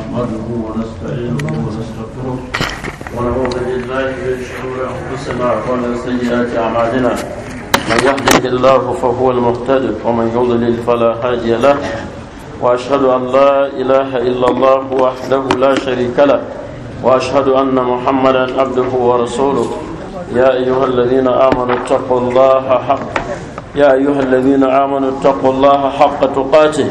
نحمده ونستعينه ونستغفره ونعوذ بالله من شرور انفسنا ومن سيئات اعمالنا من يهده الله فهو المهتد ومن يضلل فلا هادي له واشهد ان لا اله الا الله وحده لا شريك له واشهد ان محمدا عبده ورسوله يا ايها الذين امنوا اتقوا الله حق يا ايها الذين امنوا اتقوا الله حق تقاته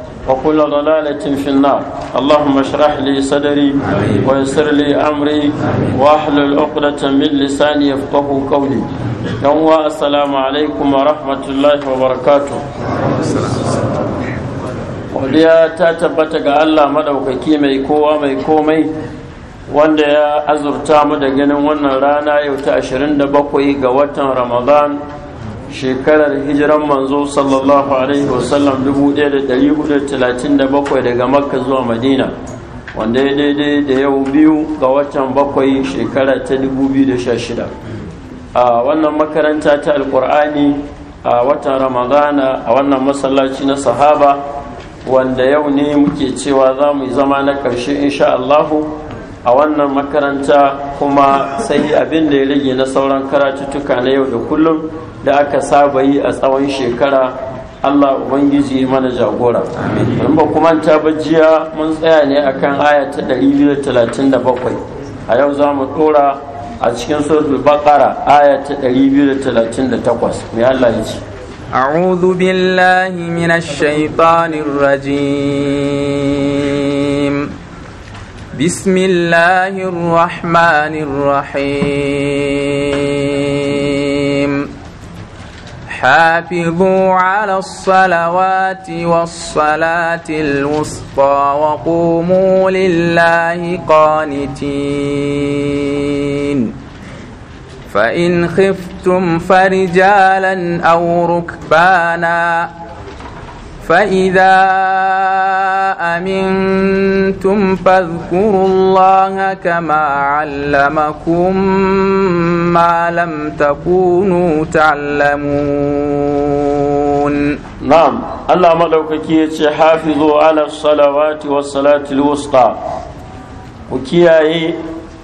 وكل ضلالة في النار اللهم اشرح لي صدري ويسر لي أمري واحلل عقدة من لساني يفقه قولي يوم السلام عليكم ورحمة الله وبركاته godiya ta tabbata ga Allah madaukaki mai kowa mai komai wanda ya azurta mu da ganin wannan rana yau ta 27 ga watan Ramadan shekarar hijiran manzo sallallahu alaihi wasallam 1437 daga makka zuwa madina wanda ya daidai da yau biyu ga watan bakwai shekara ta 2016 a wannan makaranta ta alkur'ani a watan ramadana a wannan masallaci na sahaba wanda yau ne muke cewa za mu yi zama na ƙarshe insha a wannan makaranta kuma sai abin da ya rage na sauran karatuttuka na yau da kullum da aka saba yi a tsawon shekara Allah Ubangiji mana jagora. In ba kuma ta bajiya mun tsaya ne akan aya ta 237. A yau za mu ɗora a cikin suratul Baqara aya ta 238. mai Allah ya ce? أعوذ بالله من الشيطان بسم الله الرحمن الرحيم حافظوا على الصلوات والصلاة الوسطى وقوموا لله قانتين فإن خفتم فرجالا أو ركبانا فإذا أمنتم فاذكروا الله كما علمكم ما لم تكونوا تعلمون نعم الله ملوككي حافظوا على الصلوات والصلاة الوسطى وكياي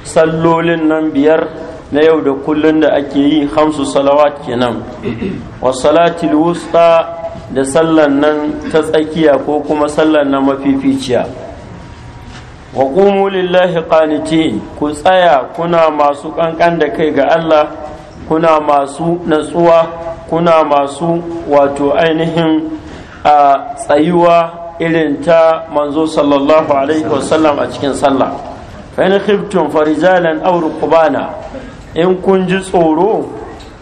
صلوا لنا بير na yau da kullun da ake yi hamsu salawat kenan wa salatul wusta da sallan nan ta tsakiya ko kuma sallan nan mafificiya wa qumu lillahi qanitin ku tsaya kuna masu ƙanƙan da kai ga Allah kuna masu natsuwa kuna masu wato ainihin a tsayuwa irin ta manzo sallallahu alaihi wasallam a cikin sallah fa in khiftum farijalan aw rukbana in kun ji tsoro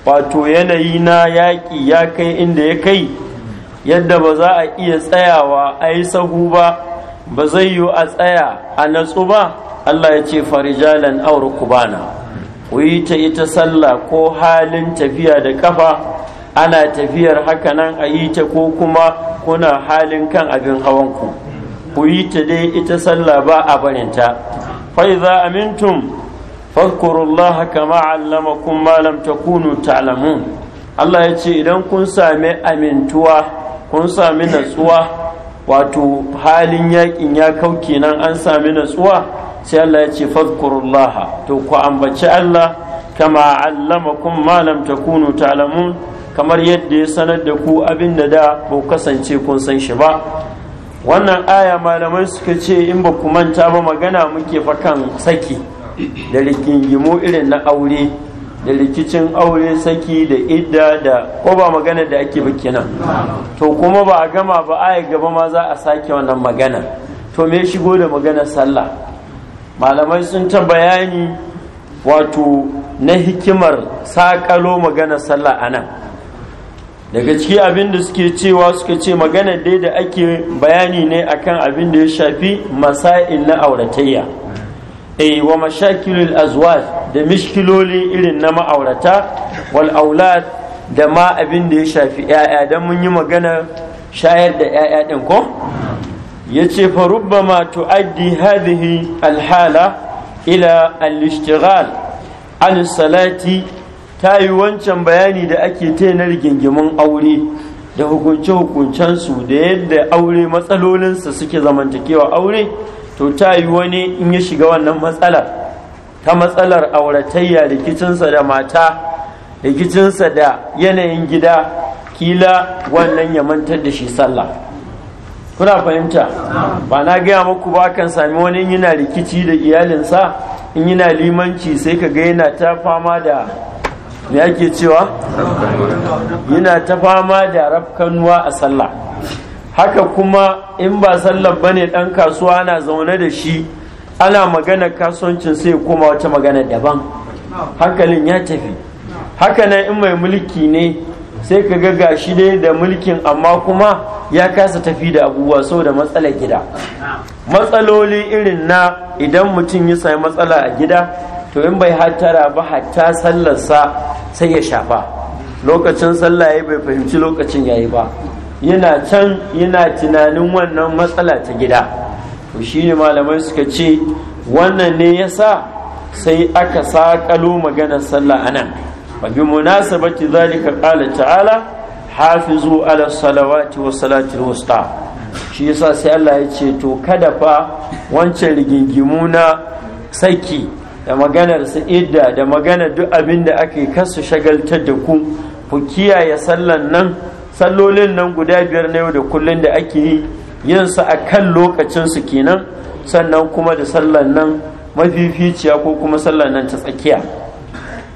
wato yanayi na yaƙi ya kai inda ya kai yadda ba za a iya tsayawa a yi sahu ba ba zai yi a tsaya a natsu ba Allah ya ce farijalan aure kubana ku yi ta ita sallah ko halin tafiya da kafa ana tafiyar haka nan a yi ta ko kuma kuna halin kan abin hawanku ku yi ta dai ita sallah ba a barinta fa'iza amintum fadkurullaha kama allamakum ma lam takunu ta'lamun Allah ya ce idan kun sami amintuwa kun sami natsuwa wato halin yakin ya kau kenan an sami natsuwa sai Allah ya ce fadkurullaha to ku ambaci Allah kama allamakum ma lam takunu ta'lamun kamar yadda ya sanar da ku abin da da ku kasance kun san shi ba wannan aya malamai suka ce in ba ku manta ba magana muke fa kan saki da rigingimu irin na aure da rikicin aure saki da idda da ko ba magana da ake ba kenan to kuma ba a gama ba a gaba ma za a sake wannan magana to me shigo da magana sallah malamai sun ta bayani wato na hikimar sakalo magana sallah a nan daga ciki abin da suke cewa suka ce magana dai da ake bayani ne akan abin da ya shafi masa'il na auratayya eh wa mashakilul azwaj da mishkiloli irin na ma'aurata wal aulad da ma abin da ya shafi yaya dan mun yi magana shayar da yaya din ko yace fa rubbama tuaddi Hadihi alhala ila al ishtighal an salati ta yi wancan bayani da ake ta na aure da hukunce-hukuncensu da yadda aure matsalolinsa suke zamantakewa aure to ta yi wani in ya shiga wannan matsalar ta matsalar auratayya rikicinsa da mata rikicinsa da yanayin gida kila wannan ya mantar da shi sallah kuna fahimta ba na gaya muku ba kan sami wani yana rikici da iyalinsa in yana limanci sai ka ga yana ta fama da me ake cewa yana ta fama da rafkanuwa a sallah haka kuma in ba sallar ne ɗan kasuwa na zaune da shi ana magana kasuwancin sai ya koma wata magana daban hankalin ya tafi haka nan in mai mulki ne sai ka ga gashi ne da mulkin amma kuma ya kasa tafi da abubuwa saboda matsalar gida matsaloli irin na idan mutum ya sami matsala a gida to in bai hattara ba hatta sallarsa sai ya shafa lokacin sallah ya bai fahimci lokacin yayi ba yana can yana tunanin wannan matsala ta gida to shi ne malamai suka ce wannan ne ya sa sai aka saƙalo maganar sallah a nan babi munasabati zalika qala ta'ala hafizu ala salawati wa salatil wusta shi yasa sai Allah ya ce to kada fa wancan rigingimu na saki da maganar su da maganar duk abin da aka yi kasu shagaltar da ku ku kiyaye sallan nan sallolin nan guda biyar na yau da kullum da ake yi yin su a kan lokacinsu kenan sannan kuma da sallan nan mafificiya ko kuma sallan nan ta tsakiya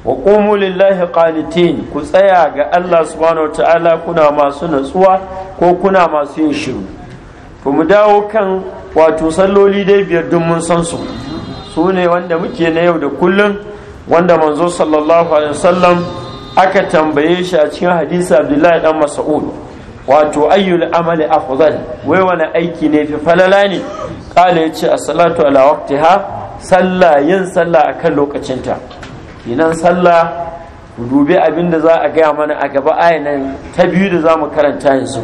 wa qumu lillahi qanitin ku tsaya ga Allah subhanahu ta'ala kuna masu natsuwa ko kuna masu yin shiru Ku mu dawo kan wato salloli dai biyar duk mun san su su ne wanda muke na yau da kullum wanda manzo sallallahu alaihi wasallam aka tambaye shi a cikin hadisi abdullahi dan mas'ud wato ayyul amali afdal wai wani aiki ne fi falala ne kala yace as-salatu ala waqtiha sallah yin sallah akan lokacinta kinan sallah ku dubi abin za a gaya mana a gaba ayanan ta biyu da za mu karanta yanzu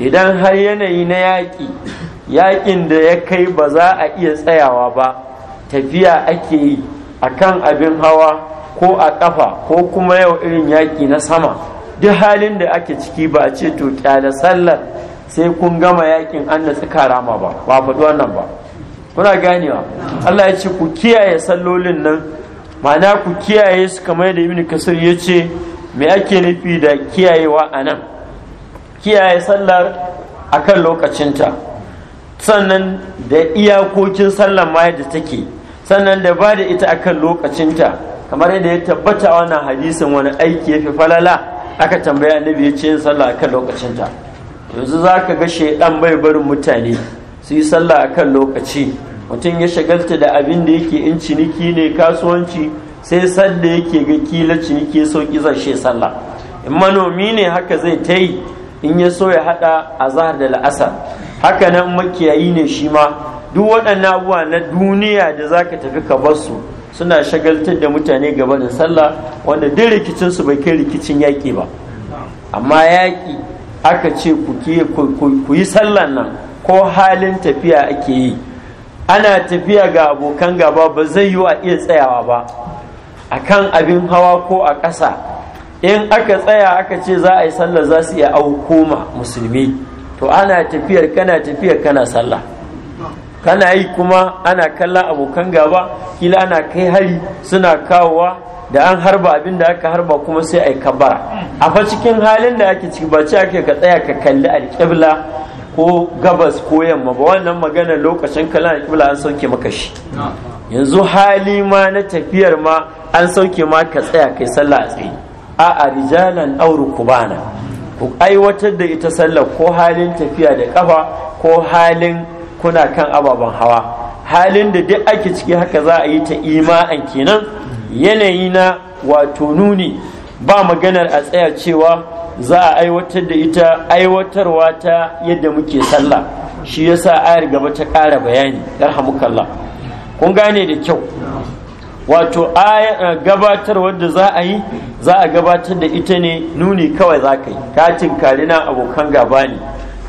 idan har yanayi na yaƙi yaƙin da ya kai ba za a iya tsayawa ba tafiya ake yi akan abin hawa ko a ƙafa ko kuma yau irin yaƙi na sama duk halin da ake ciki ba a ce to ƙyada sallar sai kun gama yaƙin an da tsika rama ba ba faɗi wannan ba kuna ganewa Allah ya ce ku kiyaye sallolin nan ma'ana ku kiyaye su kamar da ibn kasir ya ce me ake nufi da kiyayewa a nan kiyaye sallar a kan lokacinta sannan da iyakokin sallar ma yadda take sannan da ba da ita kan lokacinta kamar yadda ya tabbata a wannan hadisin wani aiki ya fi falala aka tambaya annabi ya ce yin sallah a lokacin ta yanzu za ka ga shaidan bai barin mutane su yi sallah a kan lokaci mutum ya shagalta da abin da yake in ciniki ne kasuwanci sai sadda yake ga kila ciniki ya sauki zashe sallah in manomi ne haka zai ta yi in ya so ya hada zahar da la'asar haka nan makiyayi ne shi ma duk waɗannan abubuwa na duniya da za ka tafi ka bar su suna shagaltar da mutane gaba da sallah wanda duk rikicinsu su bai kai rikicin yaƙi ba amma yaƙi aka ce ku yi sallah nan ko halin tafiya ake yi ana tafiya ga abokan gaba ba zai yi a iya tsayawa ba a kan abin hawa ko a ƙasa in aka tsaya aka ce za a yi sallah za su iya aukoma musulmi to ana tafiyar kana tafiyar kana sallah kana yi kuma ana kalla abokan gaba kila ana kai hari suna kawowa da an harba abin da aka harba kuma sai a ai kabara a fa cikin halin da ake ciki ba ce ake ka tsaya ka kalli alƙibla ko gabas ko yamma ba wannan magana lokacin kallon alƙibla an sauke maka shi yanzu hali ma na tafiyar ma an sauke ma ka tsaya kai sallah a tsaye a rijalan auru kubana ku aiwatar da ita sallah ko halin tafiya da kafa ko halin kuna kan ababen hawa halin da duk ake ciki haka za a yi ta ima'an kenan yanayi na wato nuni ba maganar a tsaya cewa za a aiwatar da ita aiwatarwa ta yadda muke sallah shi yasa ayar gaba ta ƙara bayani kalla kun gane da kyau wato eh, gabatar da za a yi za a gabatar da ita ne nuni kawai za ka yi katin kalina abokan gaba ne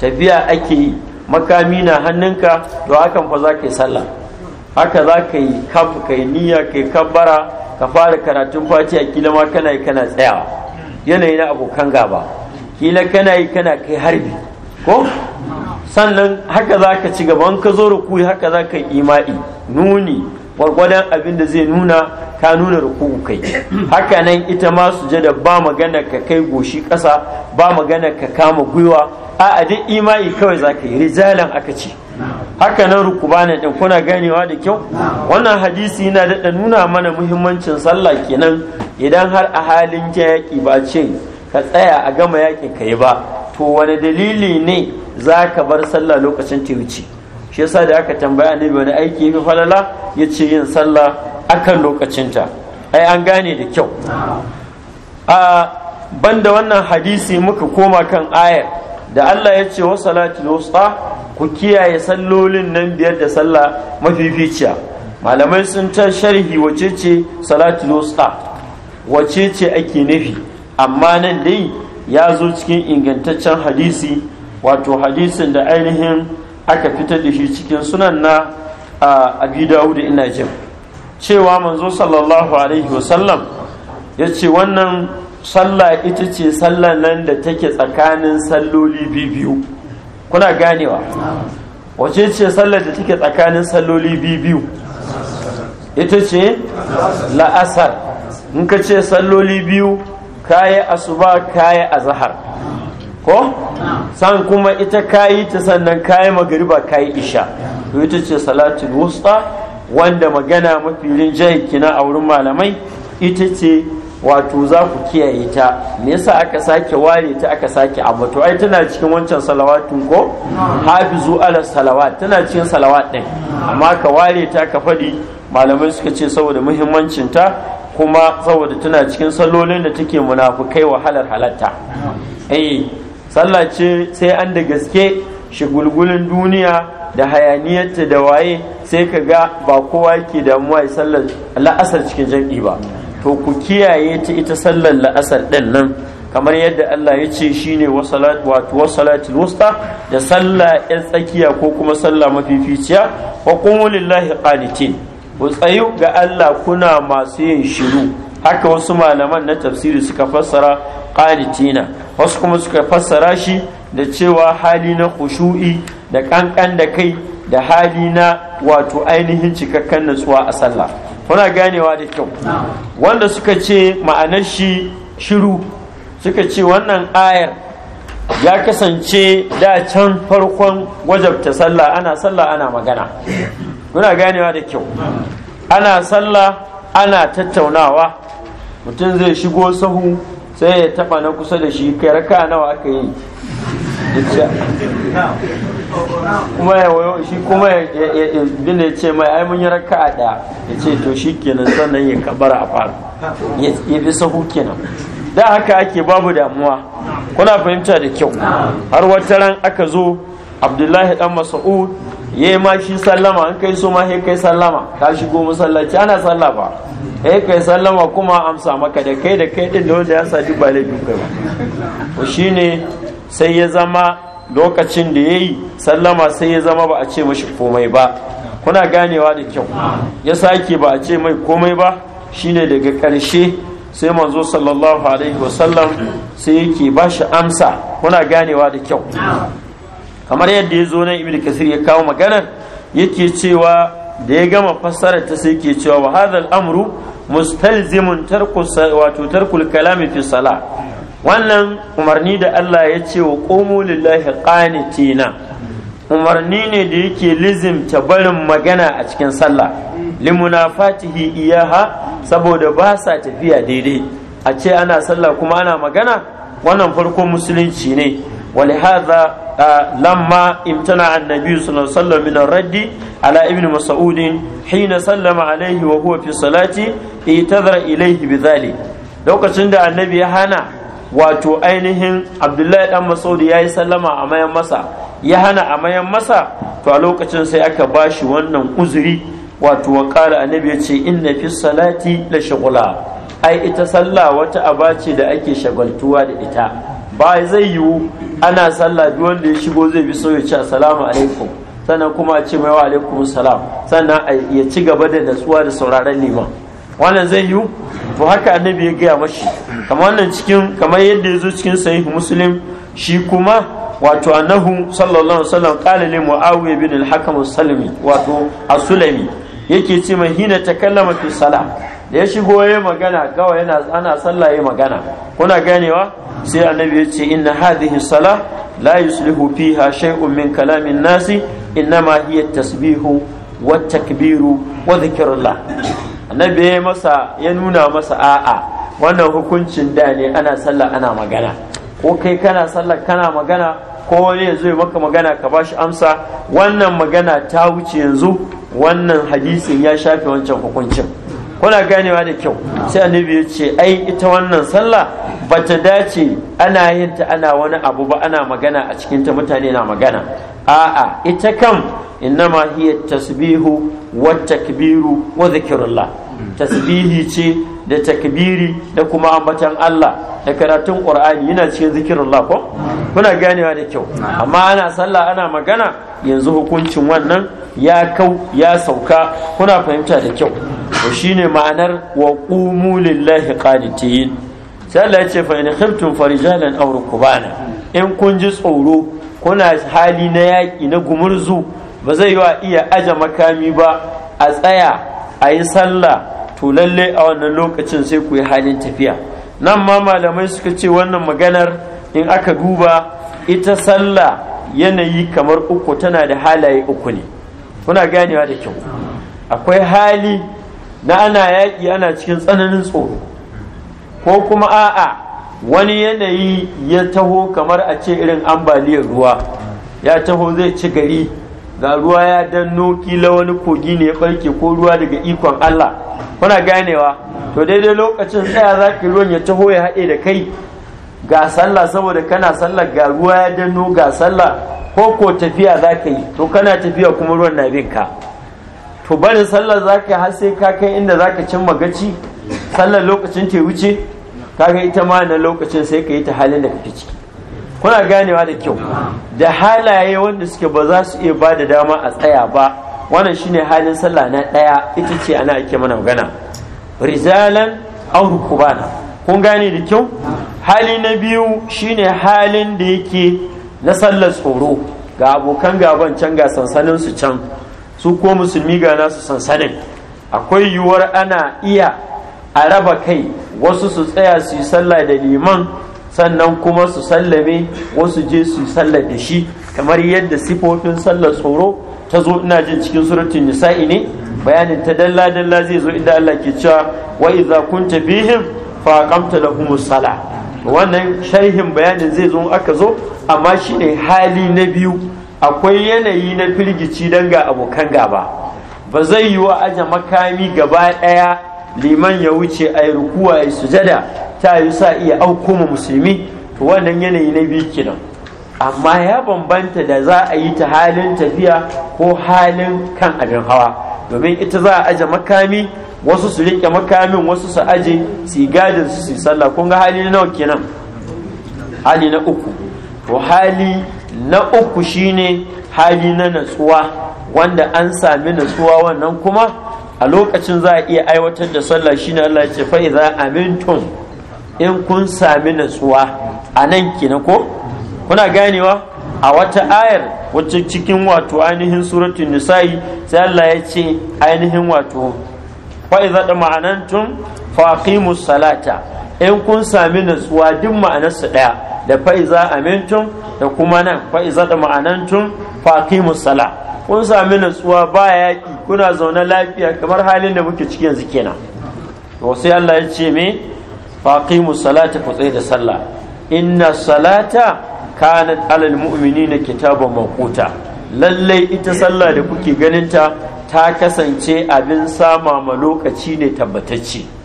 tafiya ake yi makami na hannunka to hakan fa za ka yi sallah haka za ka yi kaf ka yi niyya ka yi kabbara ka fara karatun fati a kila ma kana yi kana tsayawa yanayi na abokan gaba kila kana yi kana kai harbi ko sannan haka za ka ci gaba in ka zo rukuyi haka za ka yi ima'i nuni gwargwadon abin da zai nuna ka nuna ruku'u kai haka nan ita ma su da ba magana ka kai goshi ƙasa ba magana ka kama gwiwa a duk imai kawai za ka yi rijalan aka ce haka nan rukubanan ɗin kuna ganewa da kyau wannan hadisi yana daɗa nuna mana muhimmancin sallah kenan idan har a halin yaƙi ba ce ka tsaya a gama yaƙin ka yi ba to wani dalili ne za ka bar sallah lokacin ta wuce shi yasa da aka tambaya ne wani aiki yafi falala yace yin sallah akan lokacinta ai an gane da kyau a banda wannan hadisi muka koma kan ayar da Allah ya ce wa salatul wasu ku kiyaye sallolin nan biyar da sallah mafificiya malamai sun ta sharhi wace ce salatul wasu wace ce ake nufi amma nan dai ya zo cikin ingantaccen hadisi wato hadisin da ainihin aka fitar da shi cikin sunan na abi dawud ina jin cewa manzo sallallahu alaihi wasallam ya ce wannan sallah ita ce sallah nan da take tsakanin salloli biyu kuna ganewa wace ce sallar da take tsakanin salloli biyu ita ce la'asar in ka ce salloli biyu kayi asuba kayi azahar ko san kuma ita kayi ta sannan kayi magariba kayi isha to ita ce salatul wusta wanda magana mafi rinjaye kina a wurin malamai ita ce wato za ku kiyaye ta me yasa aka sake ware ta aka sake abu to ai tana cikin wancan salawatun ko hafizu ala salawat tana cikin salawat din amma ka ware ta ka faɗi malamai suka ce saboda muhimmancin ta kuma saboda tana cikin salolin da take munafukai wahalar halatta eh sallah ce sai an da gaske shigulgulin duniya da hayaniyarta da waye sai ka ga ba kowa yake damuwa ya sallar la'asar cikin jam'i ba to ku kiyaye ta ita sallar la'asar ɗin nan kamar yadda Allah ya ce shi ne wasalatul wusta da sallah yan tsakiya ko kuma sallah mafificiya wa kuma lillahi qanitin ku tsayu ga Allah kuna masu yin shiru haka wasu malaman na tafsiri suka fassara qanitina wasu kuma suka fassara shi da cewa hali na khushu'i da kankan da kai da hali na wato ainihin cikakken natsuwa a sallah kuna ganewa da kyau wanda suka ce ma'anar shi shiru suka ce wannan ayar ya kasance da can farkon wajabta sallah ana sallah ana magana kuna ganewa da kyau ana sallah ana tattaunawa mutum zai shigo sahu sai ya taba na kusa da shi kai raka nawa aka yi kuma ya wayo shi kuma ya ce mai ai yi raka a ɗaya ya ce to shi kenan sannan ya kabara a fara ya bi sahu kenan da haka ake babu damuwa kuna fahimta da kyau har wata ran aka zo abdullahi dan mas'ud ya yi ma shi sallama in kai so ma sai kai sallama ka shigo masallaci ana sallafa Ya kai sallama kuma amsa maka da kai da kai din da wanda ya sadi ba laifin kai ba shine sai ya zama lokacin da yayi sallama sai ya zama ba a ce mashi komai ba kuna ganewa da kyau ya sake ba a ce mai komai ba shine daga karshe sai manzo sallallahu alaihi wasallam sai yake ba shi amsa kuna ganewa da kyau kamar yadda ya zo nan ibn kasir ya kawo maganar yake cewa da ya gama fassara ta sai ke cewa wa hadha amru mustalzimun tarku wato tarkul kalami fi sala. wannan umarni da Allah ya ce wa qumu lillahi qanitina umarni ne da yake lizimta barin magana a cikin sallah limunafatihi iyaha saboda ba sa tafiya daidai a ce ana sallah kuma ana magana wannan farkon musulunci ne ولهذا لما امتنع النبي صلى الله عليه وسلم من الرد على ابن مسعود حين سلم عليه وهو في الصلاة اعتذر إليه بذلك lokacin da annabi ya hana wato ainihin abdullahi dan masaudi ya yi sallama a mayan masa ya hana a mayan masa to a lokacin sai aka bashi wannan uzuri wato wa kara annabi ya ce inna fi salati la shagula ai ita sallah wata aba ce da ake shagaltuwa da ita ba zai yiwu ana sallah duk wanda ya shigo zai bi so ya ce assalamu alaikum sannan kuma a ce mai wa alaikum salam sannan ya ci gaba da natsuwa da sauraron liman wannan zai yiwu to haka annabi ya gaya mashi kamar wannan cikin kamar yadda ya zo cikin sahih muslim shi kuma wato annahu sallallahu alaihi wasallam qala li muawiya bin al-hakam as-salimi wato as-sulami yake ce mai hina takallama fi salam da ya shigo ya magana gawa yana ana sallah ya magana kuna ganewa sai annabi ya ce inna hadhihi salah la yuslihu fiha shay'un min kalamin nasi innama hiya tasbihu wa takbiru wa dhikrullah annabi ya masa ya nuna masa a'a wannan hukuncin da ne ana sallah ana magana ko kai kana sallah kana magana ko wani ya maka magana ka bashi amsa wannan magana ta wuce yanzu wannan hadisin ya shafe wancan hukuncin kuna ganewa da kyau sai annabi ya ce ai ita wannan sallah ba ta dace ana yin ta ana wani abu ba ana magana a cikin ta mutane na magana a'a ita kam innama hiya tasbihu wa takbiru wa zikrullah tasbihi ce da takbiri da kuma ambatan Allah da karatun Qur'ani yana cikin zikrullah ko kuna ganewa da kyau amma ana sallah ana magana yanzu hukuncin wannan ya kau ya sauka kuna fahimta da kyau wa shine ma'anar wa qumu lillahi qanitin sai Allah ya ce fa in khiftum farijalan aw rukbana in kun ji tsoro kuna hali na yaki na gumurzu ba zai yiwa iya aje makami ba a tsaya a yi sallah to lalle a wannan lokacin sai ku yi halin tafiya nan ma malamai suka ce wannan maganar in aka duba ita sallah yanayi kamar uku tana da halaye uku ne kuna ganewa da kyau akwai hali na ana yaƙi ana cikin tsananin tsoro ko kuma a'a wani yanayi ya taho kamar a ce irin ambaliyar ruwa ya taho zai ci gari ga ruwa ya danno kila wani kogi ne ya barke ko ruwa daga ikon Allah kuna ganewa to daidai lokacin tsaya za ki ruwan ya taho ya haɗe da kai ga sallah saboda kana sallah ga ruwa ya danno ga sallah ko ko tafiya za ka yi to kana tafiya kuma ruwan na bin ka to barin sallar zaka har sai ka kai inda za ka cimma gaci sallar lokacin ta wuce kaga ita ma na lokacin sai ka yi ta halin da ka fi ciki kuna ganewa da kyau da halaye wanda suke ba za su iya ba da dama a tsaya ba wannan shine halin sallah na ɗaya ita ce ana ake mana magana rizalan ba rukubana kun gane da kyau hali na biyu shine halin da yake na sallar tsoro ga abokan gaban can ga sansanin su can su ko musulmi ga nasu sansanin akwai yiwuwar ana iya a raba kai wasu su tsaya su yi sallah da liman sannan kuma su sallame wasu je su yi sallah da shi kamar yadda sifofin sallar tsoro ta zo ina jin cikin suratun nisa'i ne bayanin ta dalla dalla zai zo inda Allah ke cewa wa idza kunta bihim fa aqamta lahumus salah wannan sharhin bayanin zai zo aka zo amma shine hali na biyu akwai yanayi na firgici don ga abokan gaba ba zai yi wa aje makami gaba ɗaya liman ya wuce a yi rukuwa ya sujada ta yi sa iya auko ma musulmi to wannan yanayi na biyu kenan amma ya bambanta da za a yi ta halin tafiya ko halin kan abin hawa domin ita za a aje makami wasu su riƙe makamin wasu su aje su gadin su su sallah kun ga hali na nawa kenan hali na uku to hali na uku shine hali na natsuwa wanda an sami natsuwa wannan kuma a lokacin za a iya aiwatar da sallah shine Allah ya ce fa idza amintum in kun sami natsuwa a nan kenan ko kuna ganewa a wata ayar wacce cikin wato ainihin suratul nisa'i sai Allah ya ce ainihin wato fa idza ma'anantum fa aqimus salata in kun sami nutsuwa duk ma'anarsu ɗaya da fa'iza amintum da kuma nan fa'iza da ma'anantum faƙi musala. kun sami nutsuwa ba yaƙi kuna zaune lafiya kamar halin da muke cikin yanzu kenan to sai Allah ya ce me faƙi musala ku tsaye da sallah inna salata kanat alal na kitaban makuta lallai ita sallah da kuke ganinta ta kasance abin sama ma lokaci ne tabbatacce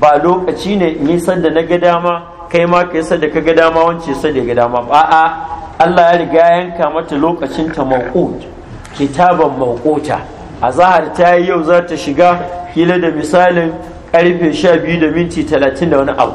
ba lokaci ne in yi sadda na ga dama kai ma ka yi sadda ka ga dama wance sadda ga dama ba a Allah ya riga yanka mata lokacin ta mawqut kitaban mawquta zahar ta yi yau za ta shiga kila da misalin karfe 12 da minti 30 da wani abu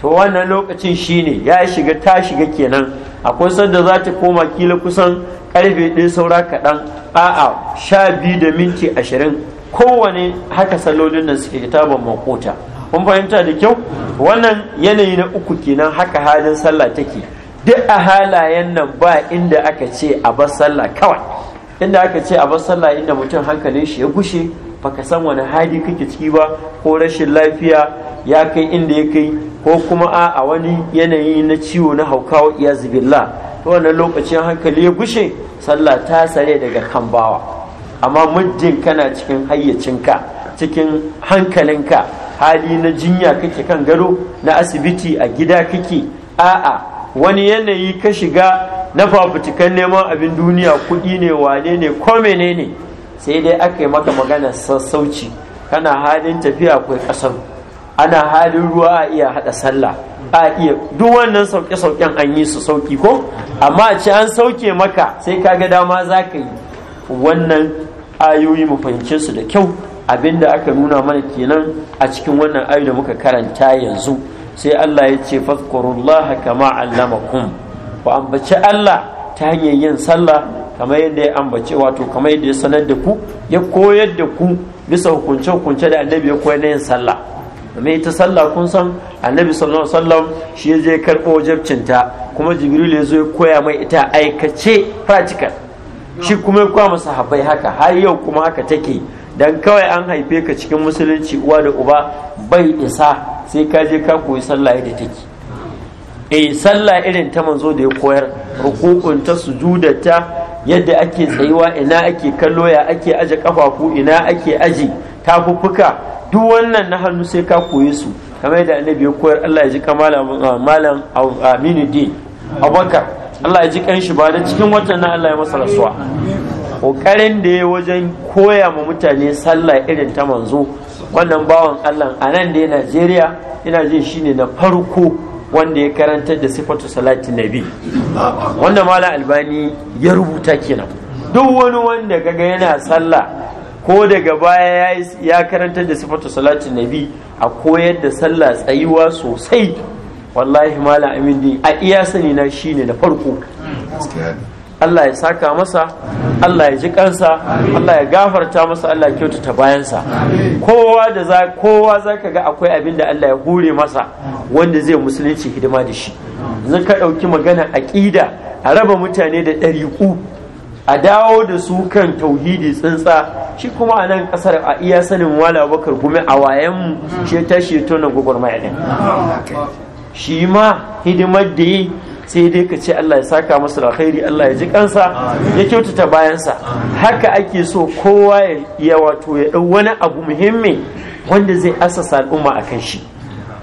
to wannan lokacin shine ya shiga ta shiga kenan akwai sanda za ta koma kila kusan karfe ɗin saura kaɗan a'a sha biyu da minti ashirin kowane haka salolin nan suke taban makota kun fahimta da kyau wannan yanayi na uku kenan haka halin sallah take duk a halayen nan ba inda aka ce a bar sallah kawai inda aka ce a bar sallah inda mutum hankalin shi ya gushe baka san wani hali kake ciki ba ko rashin lafiya ya kai inda ya kai ko kuma a a wani yanayi na ciwo na hauka wa iyazubillah to wannan lokacin hankali ya gushe sallah ta tsare daga kan bawa amma muddin kana cikin hayyacinka cikin hankalinka hali na jinya kake kan gado na asibiti a gida kake a'a wani yanayi ka shiga na fafutukan neman abin duniya kuɗi ne wane ne ko menene sai dai aka yi maka magana sassauci kana halin tafiya akwai ƙasar ana halin ruwa a iya haɗa sallah a iya duk wannan sauke sauƙen an yi su sauki ko amma a ce an sauke maka sai ka ga dama za ka yi wannan ayoyi mu fahimce su da kyau Abin da aka nuna mana kenan a cikin wannan ayu da muka karanta yanzu sai Allah ya ce fadhkurullaha kama allamakum ku ambaci Allah ta hanyar yin sallah kamar yadda ya ambace wato kamar yadda ya sanar da ku ya koyar da ku bisa hukunce hukunce da annabi ya koyar na yin sallah kamar ita sallah kun san annabi sallallahu alaihi wasallam shi ya je karɓo wajabcinta kuma jibril ya zo ya koya mai ita aikace practical shi kuma ya kwa masa haka har yau kuma haka take dan kawai an haife ka cikin musulunci uwa da uba bai isa sai ka je ka koyi sallah yadda take eh sallah irin ta manzo da ya koyar rukukun ta sujudata yadda ake tsayuwa ina ake kallo ya ake aje kafafu ina ake aje tafuffuka duk wannan na hannu sai ka koyi su kamar da annabi ya koyar Allah ya ji kamala ah, malam Aminu Din Allah ya ji shi ba da cikin watan nan Allah ya masa rasuwa ƙoƙarin da ya wajen koya ma mutane sallah irin ta manzo wannan bawan allah a nan da ya najeriya ina jin shine na farko wanda ya karantar da sifatu salati nabi wanda malam albani ya rubuta kenan duk wani wanda gaga yana sallah ko daga baya ya karantar da sifatu salati nabi a koyar da sallah tsayuwa sosai wallahi malam amin a iya sani na shine na farko Allah ya saka masa Allah ya ji kansa Allah ya gafarta masa Allah ya kyautata bayansa kowa da za kowa zaka ga akwai abin da Allah ya hure masa wanda zai musulunci hidima da shi zan ka ɗauki magana aƙida a raba mutane da ɗariƙu a dawo da su kan tauhidi tsintsa shi kuma a nan ƙasar a iya sanin wala bakar gumi a wayan shi ta shi tonan gwagwarmaya din shi ma hidimar da yi sai dai ka ce Allah ya saka masa da khairi Allah ya ji kansa ya kyautata bayansa haka ake so kowa ya wato ya ɗau wani abu muhimmi wanda zai asasa al'umma akan shi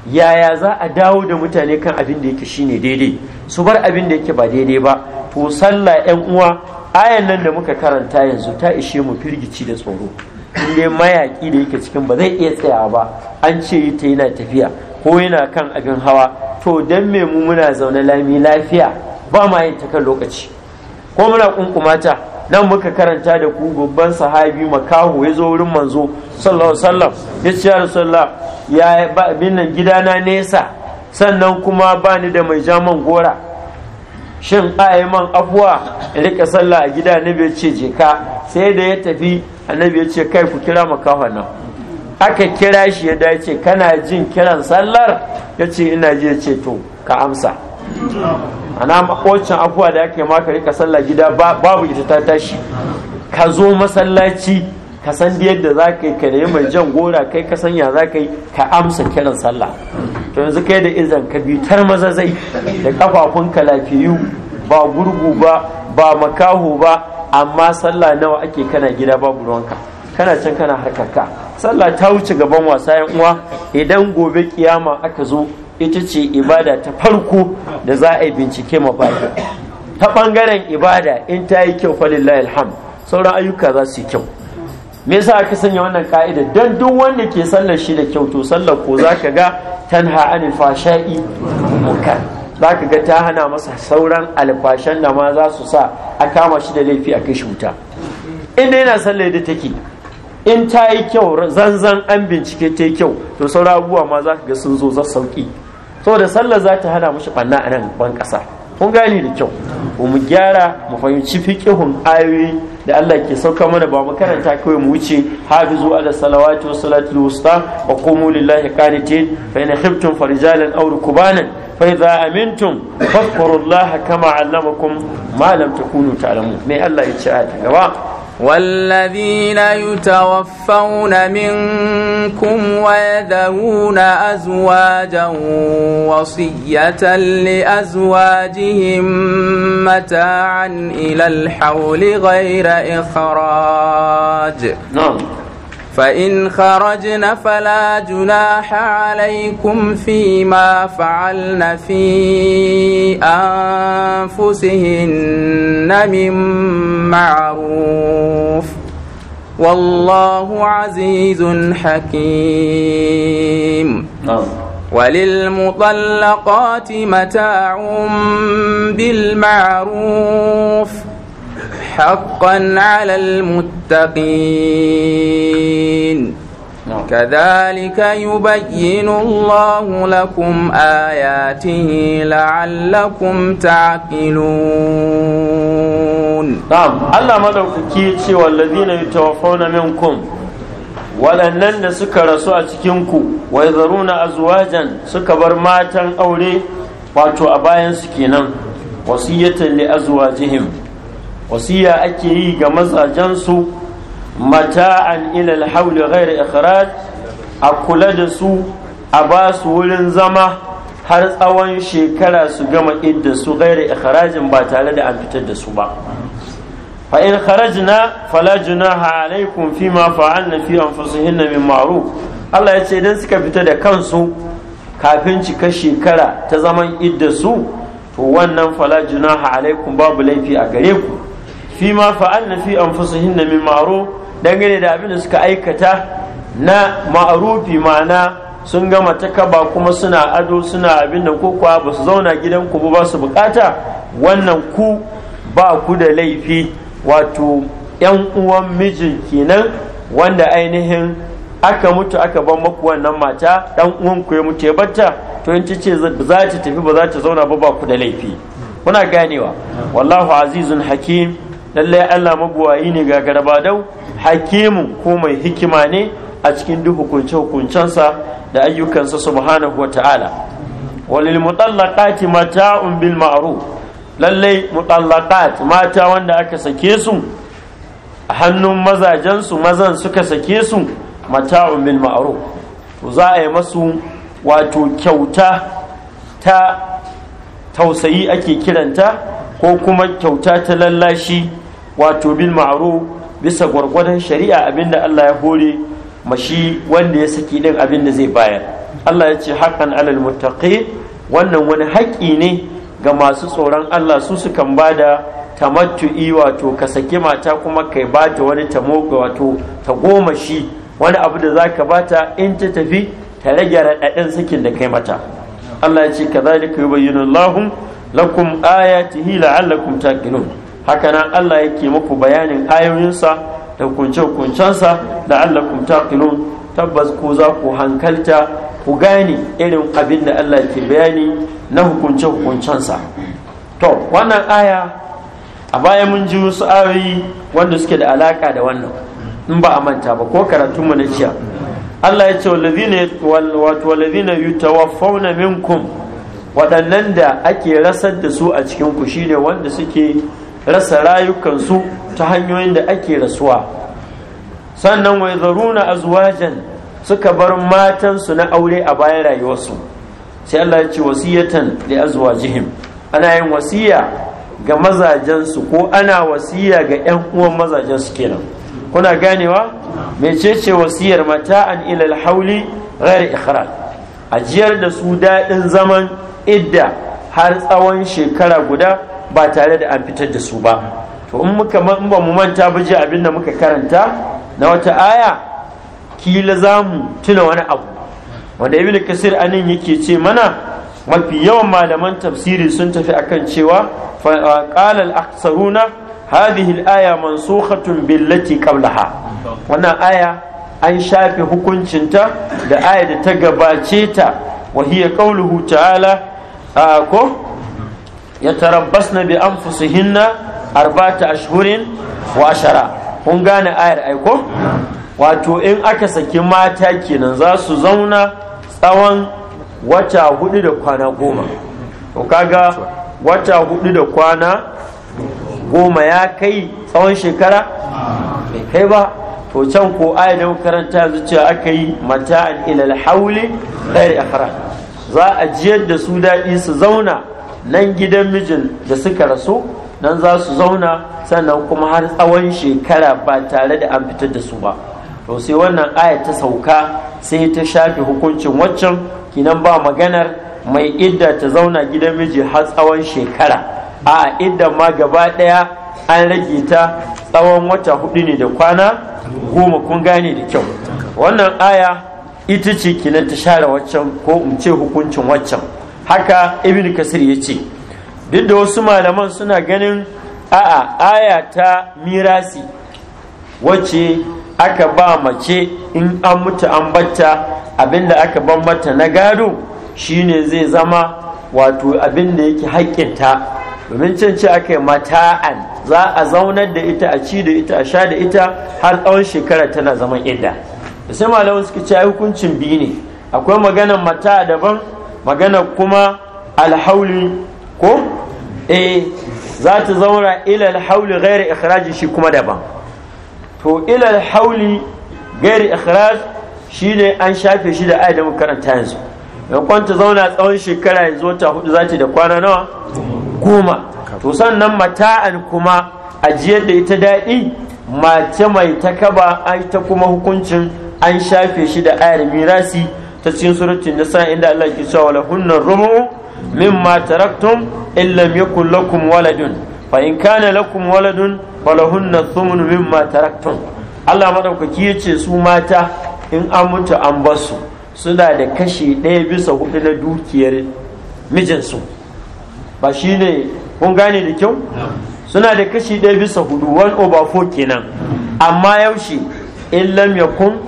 yaya za a dawo da mutane kan abin da yake shine daidai su bar abin da yake ba daidai ba to sallah yan uwa ayan nan da muka karanta yanzu ta ishe mu firgici da tsoro inda mayaki da yake cikin ba zai iya tsayawa ba an ce ta yana tafiya ko yana kan abin hawa to don me mu muna zaune lami lafiya ba ma yin ta kan lokaci ko muna kunkumata nan muka karanta da ku babban sahabi makahu ya zo wurin manzo sallallahu wasallam ya ce ya rasulullah ya bin nan gidana nesa sannan kuma ba ni da mai jaman gora shin ayi man afuwa in rika sallah a gida ne ya ce je ka sai da ya tafi annabi ya ce kai ku kira makahon nan aka kira shi ya dace kana jin kiran sallar ya ce ina ji ya ce to ka amsa ana makocin abuwa da ake maka rika sallah gida babu ita ta tashi ka zo masallaci ka san da yadda za ka yi ka nemi mai jan gora kai ka sanya za ka yi ka amsa kiran sallah to yanzu kai da izan ka bitar mazazai da kafafunka lafiyu ba gurgu ba ba makaho ba amma sallah nawa ake kana gida babu ruwanka kana can kana harkarka sallah ta wuce gaban wasa yan uwa idan gobe kiyama aka zo ita ce ibada ta farko da za a yi bincike mafaɗi ta ɓangaren ibada in ta yi kyau falillahi alham sauran ayyuka za su yi kyau me yasa aka sanya wannan ka'ida dan duk wanda ke sallar shi da kyau to sallar ko zaka ga tanha anil fashai munkar zaka ga ta hana masa sauran alfashan da ma za su sa a kama shi da laifi a kai shi wuta inda yana sallar da take in ta yi kyau zanzan an bincike ta yi kyau to sauran abubuwa ma za ka ga sun zo za sauki saboda sallar za ta hana mushi ɓanna a nan ban ƙasa kun gane da kyau ko mu gyara mu fahimci fiƙihun ayoyi da Allah ke sauka mana ba mu karanta kawai mu wuce hafizu ala salawati wa salatul wusta wa qumu lillahi qanitin fa in khiftum farijalan aw rukbanan فإذا kama 'allamakum ma lam takunu ta'lamun لم Allah ya ما a gaba. والذين يتوفون منكم ويذرون ازواجا وصيه لازواجهم متاعا الى الحول غير اخراج نعم فإن خرجن فلا جناح عليكم فيما فعلن في أنفسهن من معروف والله عزيز حكيم نعم. وللمطلقات متاع بالمعروف حقا على المتقين كذلك يبين الله لكم آياته لعلكم تعقلون نعم الله ملوك كيتشي والذين يتوفون منكم waɗannan da suka rasu a cikinku wai zaruna azwajan suka bar matan aure wato a bayansu kenan wasiyyatan li azwajihim wasiya ake yi ga mazajensu mata'an ilal hauli ghair ikhraj a kula da su a ba su wurin zama har tsawon shekara su gama idda su ghair ikhrajin ba tare da an fitar da su ba fa in kharajna fala junaha alaikum fa'an fa'alna fi na min ma'ruf Allah ya ce idan suka fita da kansu kafin cika shekara ta zaman idda su to wannan fala junaha alaikum babu laifi a gare ku fi ma fa'alna fi anfusihim min dangane da abin da suka aikata na maarufi ma'ana sun gama takaba kuma suna ado suna abin da ko kuwa ba su zauna gidan ku ba su bukata wannan ku ba ku da laifi wato yan uwan mijin kenan wanda ainihin aka mutu aka ban maku wannan mata dan uwan ku ya mutu ya bata? to in ce za ta tafi ba za ta zauna ba ba ku da laifi kuna ganewa wallahu azizun hakim lallai Allah magwayi ne ga garbadau hakimu ko mai hikima ne a cikin duk hukunce hukuncensa da ayyukansa subhanahu wa ta'ala walil mutallaqati mata'un bil ma'ruf lallai mutallaqat mata wanda aka sake su A hannun mazajensu mazan suka sake su mata'un bil ma'ruf to za a yi masu wato kyauta ta tausayi ake kiranta ko kuma kyauta ta lallashi wato bil ma'ruf bisa gwargwadon shari'a abinda Allah ya hore mashi wanda ya saki din abinda zai bayar Allah ya ce haqqan alal muttaqi wannan wani haƙƙi ne ga masu tsoron Allah su sukan bada tamattu'i wato ka saki mata kuma kai bata wani tamoga wato ta goma shi wani abu da zaka bata in ta tafi ta rage radadin sakin da kai mata Allah ya ce kazalika yubayyinu Allahu lakum ayatihi la'allakum taqilun hakanan Allah yake muku bayanin ayoyinsa da kunce-kuncensa da Allah taqilun tabbas ku za ku hankalta ku gane irin abin da Allah ke bayani na hukunce-hukuncensa to wannan aya a baya mun ji wasu ayoyi wanda suke da alaka da wannan in ba a manta ba ko mu na jiya Allah ya ce walazina yutawaffawna minkum waɗannan da ake rasar da su a cikin ku shine wanda suke rasa rayukansu ta hanyoyin da ake rasuwa sannan wai zaruna azwajan suka bar matansu na aure a bayan rayuwarsu sai Allah ya ce wasiyatan li azwajihim ana yin wasiya ga mazajensu ko ana wasiya ga 'yan uwan mazajensu kenan kuna ganewa mecece wasiyar mata'an ilal hauli ghairi ikhraj ajiyar da su daɗin zaman idda har tsawon shekara guda ba tare da an fitar da su ba to in muka ba mu manta ba jiya abin da muka karanta na wata aya kila za mu tuna wani abu wanda ibn kasir anan yake ce mana mafi yawan malaman tafsiri sun tafi akan cewa qala al-aktharuna hadhihi al-aya mansukhatun billati qablaha wannan aya an shafe hukuncinta da aya da ta gabace ta wa hiya qawluhu ta'ala ko yatarabbasna bi anfusihinna arba'ata ashhurin wa ashara kun gane ayar aiko wato in aka saki mata kenan za su zauna tsawon wata hudu da kwana goma to kaga wata hudu da kwana goma ya kai tsawon shekara bai kai ba to can ko aya da karanta yanzu cewa aka yi mata'an ilal hauli ɗari za a jiyar da su daɗi su zauna nan gidan mijin da suka rasu nan za su zauna sannan kuma har tsawon shekara ba tare da an fitar da su ba to sai wannan aya ta sauka sai ta shafi hukuncin waccan kinan ba maganar mai idda ta zauna gidan miji har tsawon shekara a idda ma gaba ɗaya an rage ta tsawon wata hudu ne da kwana goma kun gane da kyau wannan aya ita ce kinan ta share waccan ko in ce hukuncin waccan haka ibn kasir ya ce duk da wasu malaman suna ganin a'a aya ta mirasi wacce aka ba mace in an mutu an bata abinda aka ban mata na gado shine zai zama wato abinda yake haƙƙinta domin can ce aka yi mata'an za a zaunar da ita a ci da ita a sha da ita har tsawon shekara tana zaman inda sai malamin suka ce hukuncin biyu ne akwai maganar mata daban magana kuma alhauli ko eh za ta zauna ila alhauli gairi ikhraji shi kuma daban to ila alhauli gairi ikhraj shi ne an shafe shi da ayyada karanta yanzu yankon ta zauna tsawon shekara yanzu ta hudu za ta da kwana nawa goma to sannan mata'an kuma ajiyar da ita daɗi mace mai takaba an ta kuma hukuncin an shafe shi da ayar mirasi ta cikin da nisa inda Allah ke cewa wala hunna rubu mimma taraktum in lam yakul lakum waladun fa in kana lakum waladun wala hunna thumun mimma taraktum Allah madaukaki yace su mata in an mutu an basu suna da kashi ɗaya bisa hudu na dukiyar mijinsu ba shi kun gane da kyau suna da kashi ɗaya bisa hudu one over four kenan amma yaushe in lam yakun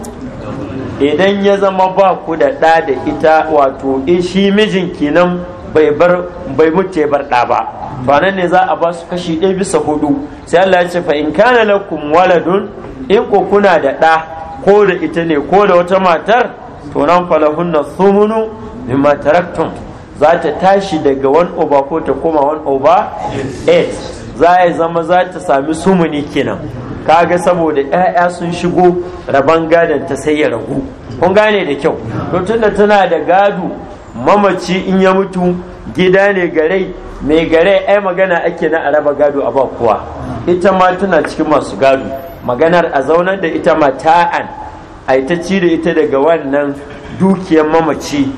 idan ya zama ba ku da ɗa da ita wato in eh, shi mijin kenan bai bar bai mutu bar ɗa ba ba nan ne za a ba su kashi ɗaya bisa hudu sai Allah ya ce fa in kana lakum waladun in ko kuna da ɗa ko da ita ne ko da wata matar to nan falahunna thumunu mimma taraktum za ta tashi daga wani oba ko ta koma wani oba 8 za ya zama za ta sami sumuni kenan kaga saboda 'ya'ya sun shigo rabon gadon ta sai ya ragu kun gane da kyau to tunda tana da gado mamaci in ya mutu gida ne gare mai gare ai magana ake na araba gado a kowa ita ma tana cikin masu gado maganar a zaunar da ita ma ta'an a ita ci da ita daga wannan dukiyar mamaci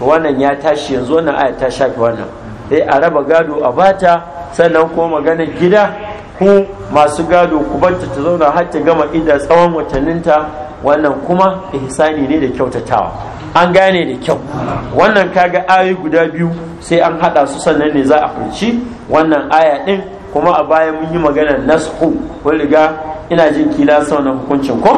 wannan ya tashi yanzu wannan aya ta shafi wannan sai a raba gado a bata sannan kuma maganar gida ku masu gado ku barta ta zauna har ta gama inda tsawon watanninta wannan kuma ihsani ne da kyautatawa an gane da kyau wannan kaga ayoyi guda biyu sai an hada su sannan ne za a furci wannan aya din kuma a baya mun yi magana nasu kun riga ina jin kila sau na hukuncin ko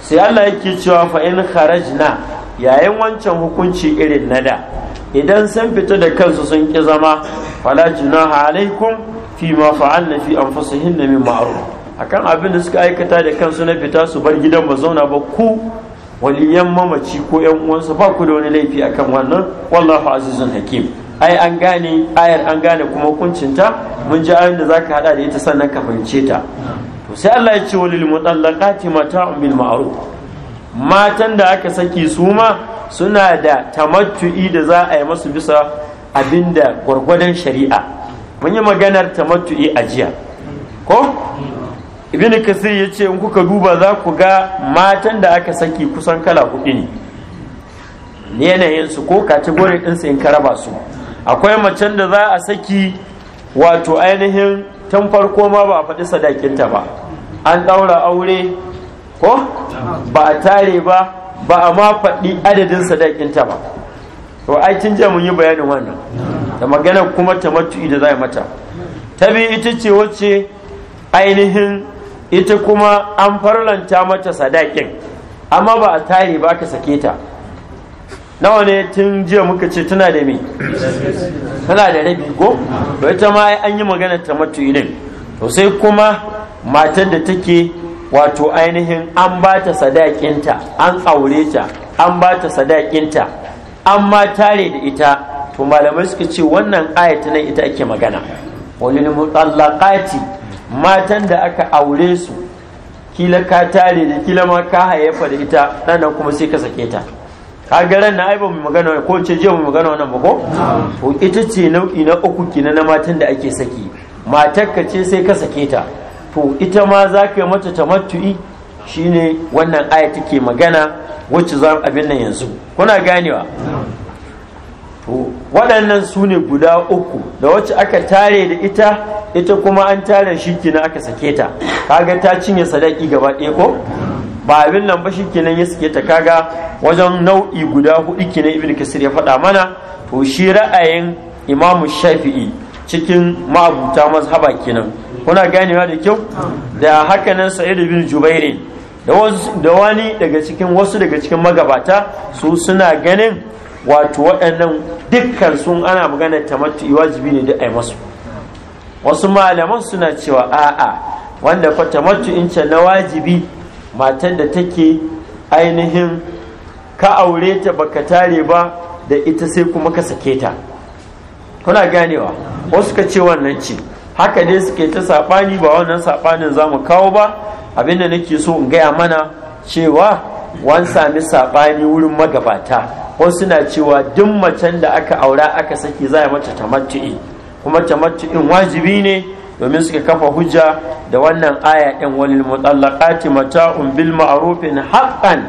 sai Allah yake cewa fa in kharajna yayin wancan hukunci irin nada idan sun fita da kansu sun ki zama fala junaha alaikum fi ma na fi na min a akan abin da suka aikata da kansu na fita su bar gidan ba zauna ba ku waliyan mamaci ko yan uwansa ba ku da wani laifi akan wannan wallahu azizun hakim ai an gane ayar an gane kuma hukuncinta mun ji ayin da za ka haɗa da ita sannan ka fahimce ta to sai Allah ya ce walil mutallaqati mata'un bil ma'ruf matan da aka saki su ma suna da tamattu'i da za a yi masu bisa abinda gwargwadon shari'a mun yi maganar tamattu'i a jiya ko ibn kasir ya ce in kuka duba za ku ga matan da aka saki kusan kala hudu ne yanayinsu ko kategori ɗinsu in ka raba su akwai macen da za a saki wato ainihin tun farko ma ba a faɗi sadakinta ba an ɗaura aure ko ba a tare ba ba a ma faɗi adadin sadakinta ba to ai tun mun yi bayanin wannan da magana kuma ta tamattu'i da za mata ta biyu ita ce wacce ainihin ita kuma an farlanta mata sadakin amma ba a tare ba ka sake ta nawa ne tun jiya muka ce tana da me tana da rabi ko to ita ma an yi magana matu din to sai kuma matar da take wato ainihin an ba ta sadakinta an aure ta an ba ta sadakinta an ma tare da ita to malamai suka ce wannan ayatu nan ita ake magana walil mutallaqati matan da aka aure su kila ka tare da kila ma ka hayyafa da ita nan kuma sai ka sake ta Ka ga ran na ai ba mu magana ko ce je mu magana wannan ba ko to ita ce nau'i na uku kina na matan da ake saki matar ka ce sai ka sake ta to ita ma za ka yi mata tamattu'i shine wannan aya take magana wacce za abin nan yanzu kuna ganewa to waɗannan su ne guda uku da wacce aka tare da ita ita kuma an tare shi kenan aka sake ta kaga ta cinye sadaki gaba ɗaya ko ba abin nan ba shi kenan ya sake ta kaga wajen nau'i guda hudu kenan ibn kasir ya faɗa mana to shi ra'ayin imamu shafi'i cikin ma'abuta mazhaba kenan kuna ganewa da kyau da hakanan sa'id bin jubairi da wani daga cikin wasu daga cikin magabata su suna ganin wato waɗannan dukkan sun ana magana tamattu wajibi ne duk yi masu wasu malaman suna cewa a'a wanda fa tamattu in ce na wajibi matan da take ainihin ka aure ta baka tare ba da ita sai kuma ka sake ta kuna ganewa wasu ka ce wannan ce haka dai suke ta saɓani ba wannan saɓanin za mu kawo ba abinda nake so in gaya mana cewa wan sami saɓani wurin magabata wasu na cewa duk macen da aka aura aka saki za a mata tamattu'i kuma tamattu'in wajibi ne domin suka kafa hujja da wannan aya ɗin walil mutallaqati mata'un bil ma'rufin haqqan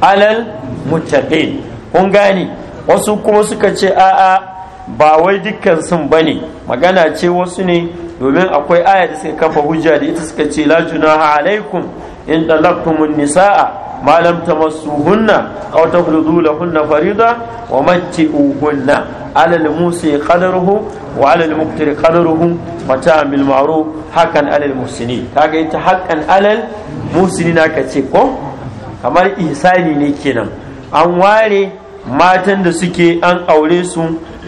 alal muttaqin kun gane wasu kuma suka ce a'a ba wai dukkan sun bane magana ce wasu ne domin akwai aya da suka kafa hujja da ita suka ce la junaha alaikum in talaqtumun nisaa hunna, a wata aw da hunna farida wa matti'uhunna ala al-musi hu, wa ala al-muqtir hu mata'an bil ma'ruf hakan ala al-muhsini kaga ita hakan alal al-muhsini naka ce ko kamar ihsani ne kenan an ware matan da suke an aure su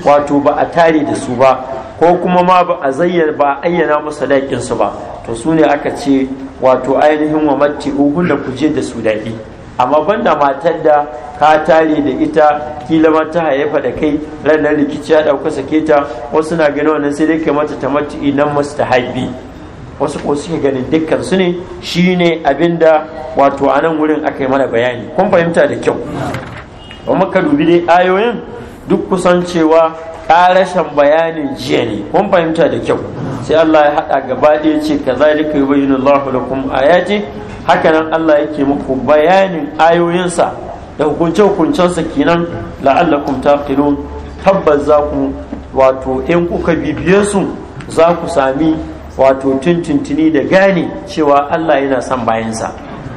wato ba a tare da su ba ko kuma ma ba a zayyar ba ayyana musu su ba to su ne aka ce wato ainihin wa uhun da kuje da su daɗi amma banda matar da ka tare da ita kila ma ta haifa da kai ranar rikici ya ɗauka sake ta wasu na gani wannan sai dai ka mata ta mati nan haifi. wasu ko suke ganin dukkan su ne shine abinda wato a nan wurin aka yi mana bayani kun fahimta da kyau amma ka dubi dai ayoyin duk kusan cewa ƙarashin bayanin jiya ne kun fahimta da kyau sai Allah ya haɗa gaba ya ce ka zalika yi bayyana Allah lakum ayati haka nan Allah yake muku bayanin ayoyinsa da hukunce-hukuncensa kenan la'allakum taqilun tabbas za ku wato in kuka bibiye su za ku sami wato tuntuntuni da gane cewa Allah yana son bayansa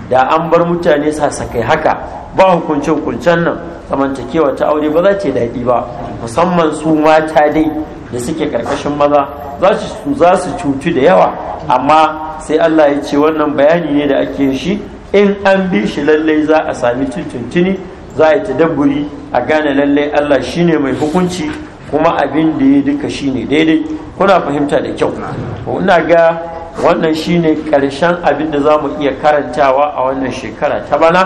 da an bar mutane sakai haka ba hukunce hukuncen nan zamantakewa ta aure ba za ta yi daɗi ba musamman su mata dai da suke karkashin maza za su cutu da yawa amma sai Allah ya ce wannan bayani ne da ake shi in an bi shi lallai za a sami tuntuntuni za a yi ta tadabburi a gane lallai Allah shine mai hukunci kuma abin da ya duka ne daidai kuna fahimta da kyau ina ga wannan shine ƙarshen abin da za mu iya karantawa a wannan shekara ta bana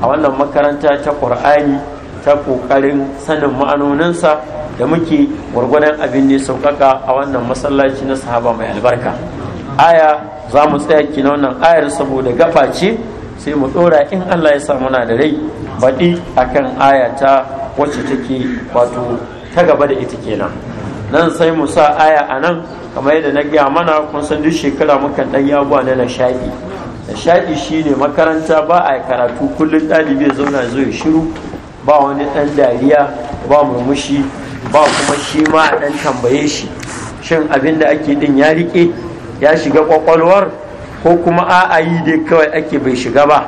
a wannan makaranta ta ƙur'ani ta ƙoƙarin sanin ma'anoninsa da muke gwargwadon abin da ya sauƙaƙa a wannan masallaci na sahaba mai albarka aya za mu tsaya ki wannan ayar saboda gaba ce sai mu ɗora in allah ya sa muna da rai baɗi akan aya ta wacce take wato ta gaba da ita kenan nan sai mu sa aya a nan kamar yadda na gaya mana kun san duk shekara mukan ɗan yabuwa na nishaɗi nishaɗi shine makaranta ba a karatu kullum ɗalibi ya zauna zai shiru ba wani ɗan dariya ba murmushi ba kuma shi ma a ɗan tambaye shi shin abin da ake ɗin ya riƙe ya shiga ƙwaƙwalwar ko kuma a'a yi dai kawai ake bai shiga ba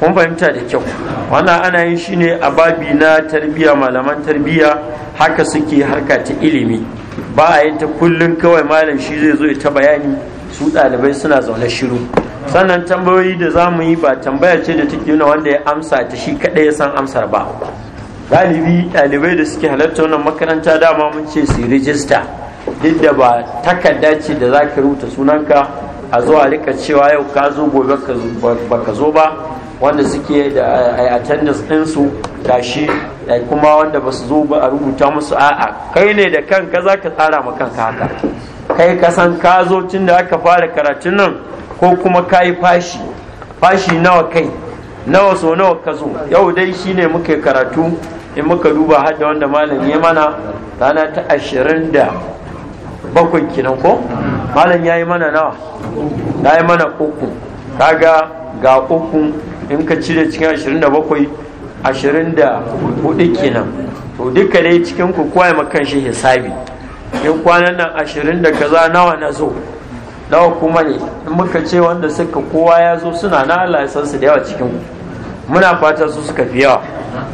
kun fahimta da kyau wannan ana yin shi ne a babi na tarbiyya malaman tarbiyya haka suke harka ta ilimi ba a yin ta kullum kawai malam shi zai zo ta bayani su ɗalibai suna zaune shiru sannan tambayoyi da za mu yi ba tambaya ce da take nuna wanda ya amsa ta shi kaɗai ya san amsar ba galibi ɗalibai da suke halarta wannan makaranta dama mun ce su rijista duk da ba takarda ce da za ka rubuta sunanka a zuwa rika cewa yau ka zo gobe ba ka zo ba wanda suke da attendance ɗinsu shi kuma wanda ba su zo ba a rubuta musu a'a kai ne da kanka za ka tsara ma kanka haka kai ka san ka zo tun da aka fara karatun nan ko kuma ka yi fashi fashi nawa kai nawa so nawa ka zo yau dai shi ne muka karatu in muka duba har da wanda malam ya mana rana ta ashirin da bakwai kinan ko malam ya yi mana nawa ya yi mana uku kaga ga uku in ka cire cikin ashirin da bakwai ashirin da hudu kenan to duka dai cikin ku kwaye makan shi hisabi in kwanan nan ashirin da kaza nawa na zo nawa kuma ne in muka ce wanda suka kowa ya zo suna na Allah ya su da yawa cikin ku muna fata su suka fi yawa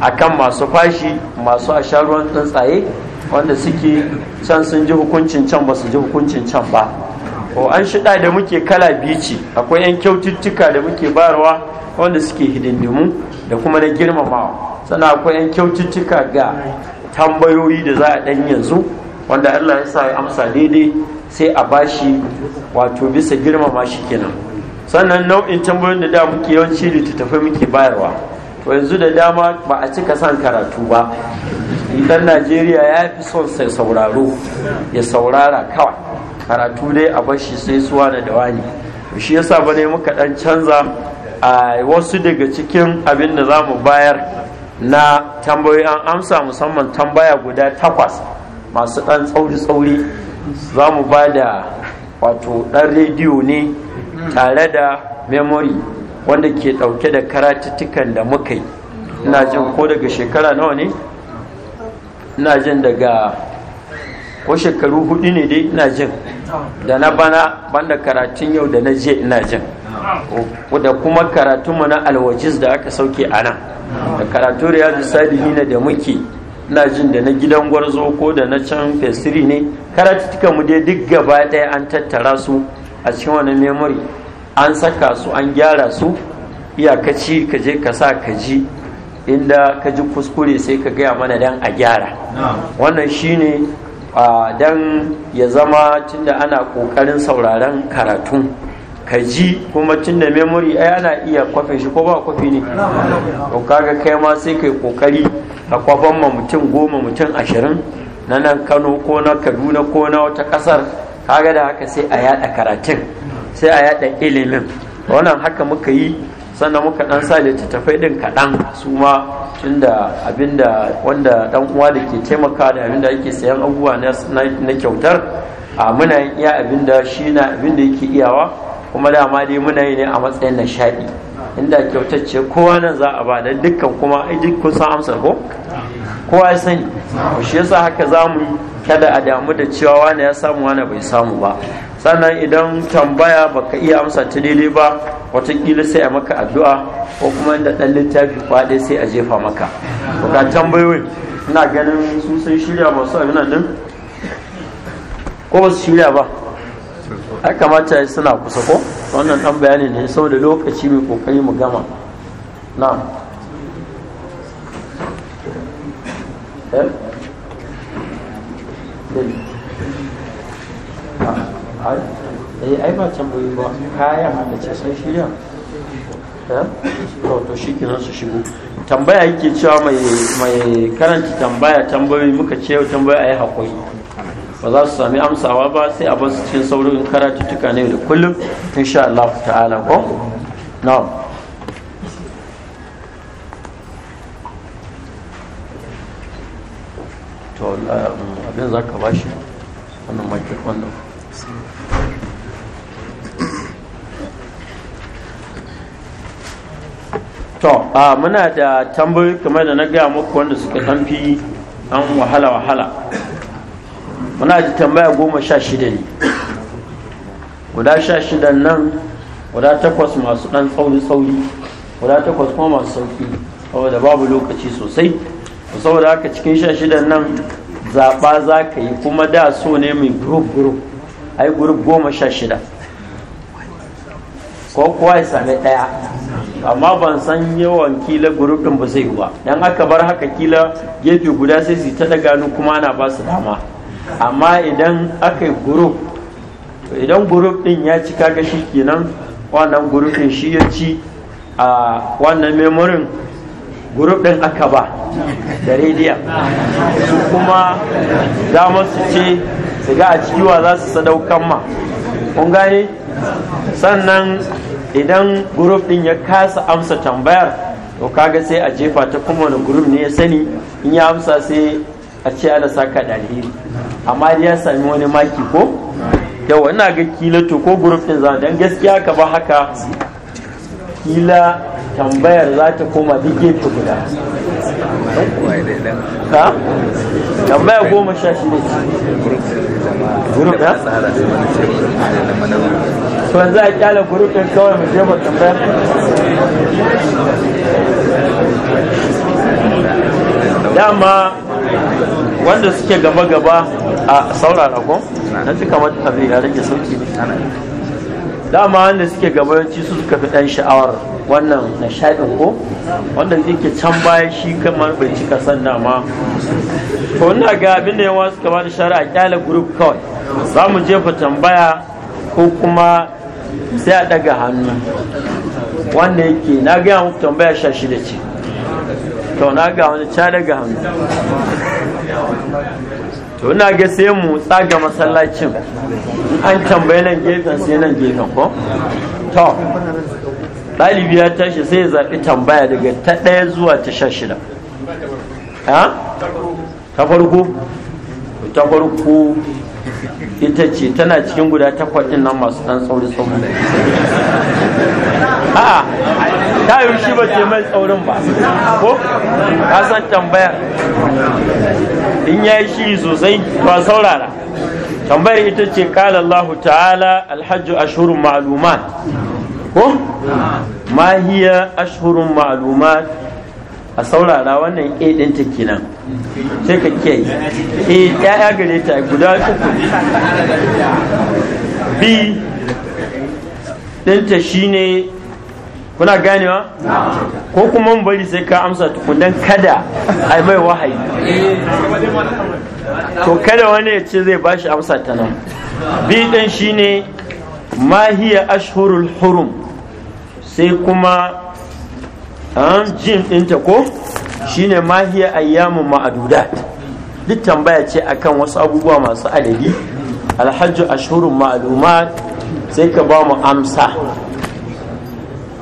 akan masu fashi masu asharuwan tsuntsaye wanda suke can sun ji hukuncin can ba su ji hukuncin can ba an shida da muke kala biyu ce akwai 'yan kyaututtuka da muke barwa wanda suke hidindimu da kuma na girmamawa sannan akwai yan kyaututtuka ga tambayoyi da za a ɗan yanzu wanda allah ya sa ya amsa daidai sai a bashi wato bisa girmama shi kenan sannan nau'in tambayoyin da da muke yawanci littattafai muke bayarwa to yanzu da dama ba a cika son karatu ba dan najeriya ya fi son sai sauraro ya saurara kawai karatu dai a bashi sai suwa da dawani shi yasa bane muka dan canza a wasu daga cikin abin da za mu bayar na tambayoyi an amsa musamman tambaya guda takwas masu ɗan tsauri-tsauri za mu ba da wato ɗan rediyo ne tare da memory wanda ke ɗauke da karatuttukan da muka yi ina jin ko daga shekara nawa ne ina jin daga ko shekaru hudu ne dai ina jin da na bana banda karatun yau da na je ina jin da kuma karatunmu na alwajiz da aka sauke a nan da karatu riyadu ne da muke na jin da na gidan gwarzo ko da na can fesiri ne tuka mu dai duk gaba ɗaya an tattara su a cikin wani memory an saka su an gyara su iyakaci ka je ka sa ka ji inda ka ji kuskure sai ka gaya mana dan a gyara wannan shine dan ya zama tunda ana ƙoƙarin sauraren karatu ka ji kuma tun da memory ai ana iya kwafe shi ko ba kwafi ne to kaga kai ma sai kai kokari a kwafan ma mutum goma mutum ashirin na nan kano ko na kaduna ko na wata kasar kaga da haka sai a yada karatun sai a yada ilimin wannan haka muka yi sannan muka dan sa littattafai din kaɗan su ma tunda abinda wanda dan uwa da ke taimaka da abinda yake sayan abubuwa na kyautar a muna iya abinda shi na abinda yake iyawa kuma dama dai muna yi ne a matsayin nishaɗi inda kyautacce kowa nan za a ba da dukkan kuma aiki kun san amsar ko kowa ya sani ko shi yasa haka za mu kada a damu da cewa wani ya samu wani bai samu ba sannan idan tambaya baka iya amsa ta daidai ba watakila sai a maka addu'a ko kuma da ɗan littafi kwaɗe sai a jefa maka ga tambayoyi ina ganin su sun shirya masu abin nan ko ba su shirya ba ya kamata suna kusa ko wannan dan bayani ne saboda lokaci mai kokari mu gama na'am eh? ah, eh, ai ba can tambayi ba kayan da ce sun shirya eh? to shi kenan su shigo tambaya yake cewa mai mai karanta tambaya tambayoyi muka ce tambaya ai hakuri ba za su sami amsawa ba sai a basu cikin saurin karatuttuka ne da kullum insha Allah ta'ala ko na'am to eh, abin za ka shi wannan wannan to a muna da tambayoyi kamar da na gaya muku wanda suka tamfi an wahala wahala muna ji tambaya goma sha shida ne guda sha shidan nan guda takwas masu ɗan tsauri-tsauri guda takwas kuma masu sauki saboda babu lokaci sosai saboda haka cikin sha shidan nan zaɓa za ka yi kuma da so ne mai gurup-gurup ai gurup goma sha shida ko kuwa ya sami ɗaya amma ban san yawan kila gurup ɗin ba zai yi ba dan aka bar haka kila gefe guda sai su ta daga kuma ana ba su dama amma idan aka yi guruf idan guruf din ya ci kaga shi kenan wannan guruf din shi ya ci a wannan memorin guruf din aka ba da rediya su kuma za su ce su ga a cikiwa za su sadaukan ma kun gane sannan idan guruf din ya kasa amsa tambayar to kaga sai a jefa ta kuma wani guruf ne ya sani in ya amsa sai a ce ana saka da alheri amma ya sami wani maki ko yawa ina ga kila to ko gurufin za dan gaskiya ka ba haka kila tambayar za ta koma duk gefe guda ha tambaya goma sha shi ne gurup ya to yanzu a kyala gurup ɗin kawai mu je mu tambaya dama wanda suke gaba gaba a saurara ko na fi kamar abin ya rage sauki ne dama wanda suke gaba yanci su suka fi dan sha'awar wannan na ko wanda yake can baya shi kamar bai cika san dama ko ina ga abin da yawa suka ba da shari'a kyale group kawai za mu jefa tambaya ko kuma sai a daga hannu wanda yake na gaya muku tambaya sha shida ce to na ga wani ta daga hannu to ina ga sai mu tsaga masallacin an tambaye nan gefen sai nan gefen ko to ɗalibi ya tashi sai ya zaɓi tambaya daga ta ɗaya zuwa ta sha shida ta farko ta farko ita ce tana cikin guda takwas din nan masu dan tsauri tsauri a'a ta yi shi ba ce mai tsaurin ba ko ka san tambayar in ya yi shiri sosai ba saurara tambayar ita ce kala Allah ta'ala alhajju ashuru ma'lumat ko ma hiya ashhurun ma'lumat a saurara wannan a ɗinta kenan sai ka kiyaye eh, a ɗaya gare ta guda uku b shi ne, kuna ganewa ko kuma mu bari sai ka amsa tukundan kada a mai wahayi to kada wani ya ce zai bashi amsa ta nan b ɗin shine mahiya ashhurul hurum sai kuma an jin ɗinta ko shine mahiya ayyamun ma'adudat duk tambaya ce akan wasu abubuwa masu adadi alhaji ashhurun ma'lumat sai ka ba mu amsa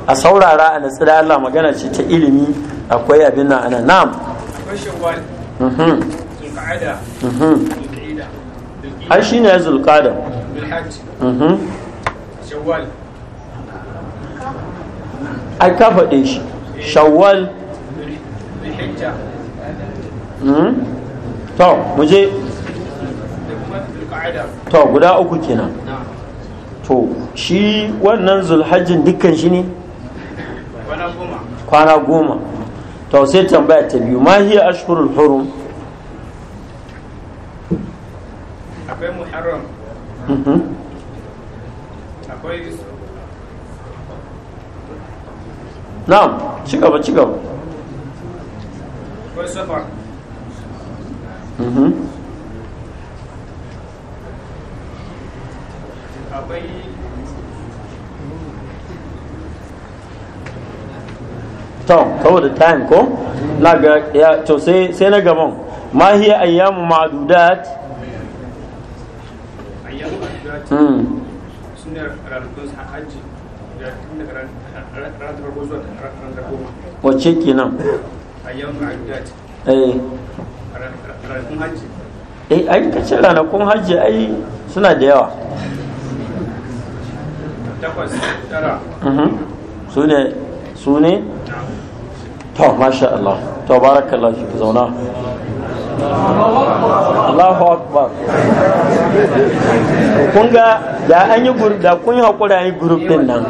a saurara a natsi Allah magana ce ta ilimi akwai abin nan ana nam mhm. mhm. ai shi ne zulkada ai ka faɗe shi shawwal hmm? to muje to guda uku kenan to shi wannan zulhajjin dukkan shi ne kwana goma to sai tambaya ta biyu ma hiya ashhurul hurum akwai muharram mhm. akwai na'am ci gaba ci gaba safa mhm. akwai to da time ko na ga ya to sai na gaban ma hiya ayyamu ma'dudat ayyamu ma'dudat mm sunar ranakun hajji da tun daga ranakun wacce kenan eh eh ai kace ranakun hajji ai suna da yawa mhm. su ne su ne to masha Allah to barakallahu zauna Allahu Akbar kun ga da an yi guru da kun haƙura yi guru nan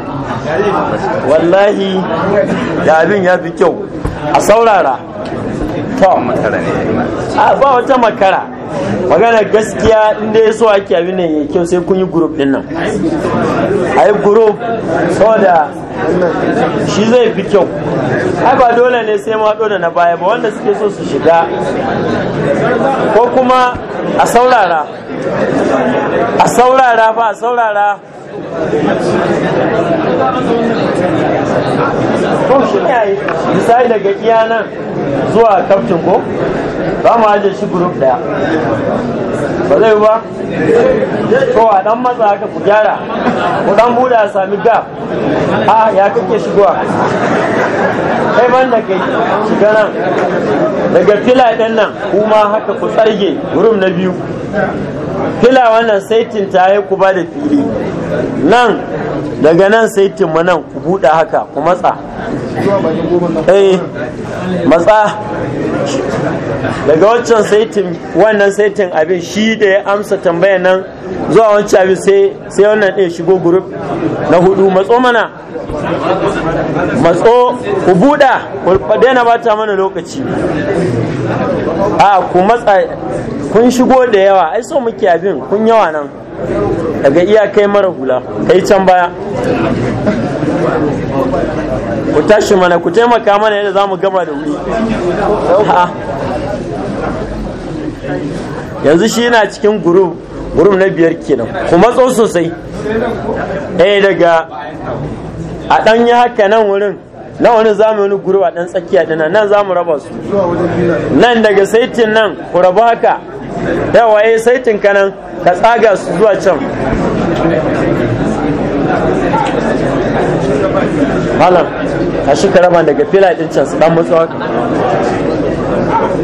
wallahi da abin ya fi kyau a saurara to a ba wata makara magana gaskiya inda ya so ake bi nan ya kyau sai kun yi group din nan a yi group saboda shi zai fi kyau ai ba dole ne sai ma dole na baya ba wanda suke so su shiga ko kuma a saurara a saurara fa a saurara shi ya yi misali daga iya nan zuwa kaftin ko ba mu ajiye shi group daya ba zai ba to a dan matsa haka ku gyara ku dan buda sami gap a ya kake shigowa kai ban da kai shiga nan daga fila ɗin nan kuma haka ku tsarge gurum na biyu fila wannan saitin ta ku ba da fili nan daga nan sai timma nan ku buɗe haka ku matsa eh matsa daga wancan saitin wannan saitin abin shi da ya amsa tambaya nan zuwa wancan abin sai wannan ɗaya shigo gurup na hudu matso mana matso ku buɗa ku daina bata mana lokaci a ku matsa kun shigo da yawa ai so muke abin kun yawa nan daga iyakai mara hula kai can baya ku tashi mana ku taimaka mana yadda za mu gama da wuri yanzu shi yana cikin gurub gurub na biyar kenan ku matso sosai ɗaya eh, daga a ɗanyi haka nan wurin na wani zamu wani gurba dan tsakiya dana nan zamu raba su nan daga saitin nan ku raba haka da waye eh, saitin ka nan ka tsaga su zuwa can malam a shi ka raba daga fila din can su dan mutsuwa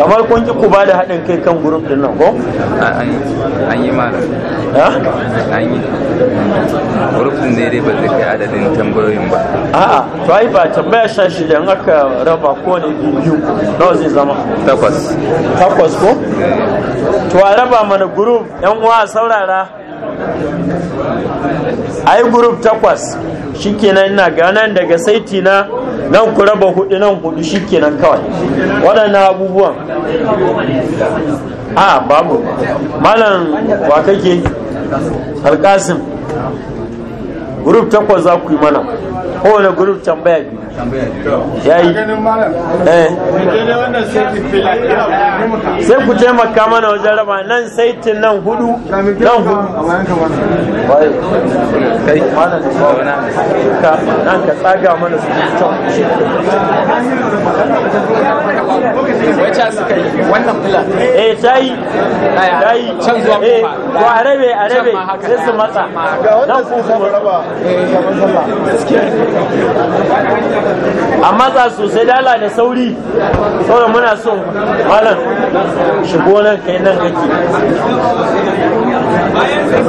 kamar kun ki ku ba da haɗin kai kan gurup din nan ko an yi malam an yi gurup din ne dai ba zai kai adadin tambayoyin ba a'a to ai ba tambaya sha shi da aka raba ko ne biyu nawa zai zama takwas takwas ko to a raba mana gurup yan uwa saurara ai group takwas shikenan ina ganan daga saiti na nan ku raba hudu nan hudu shikenan kawai waɗannan abubuwan a ah, babu malam wa kake alkasim group takwas za ku yi mana kowane group tambaya biyu ya yi eh. sai ku taimaka mana wajen raba nan saitin nan hudu nan hudu nan ka tsaga mana su can suka yi wannan eh ta yi ta yi can zuwa kuma eh, ko a rabe a rabe sai su matsa A za sosai dala da sauri saboda muna son malam shigo nan kai nan kake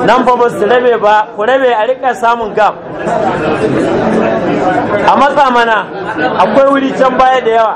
nan ba su rabe ba ku rabe a rika samun gam a matsa mana akwai wuri can baya da yawa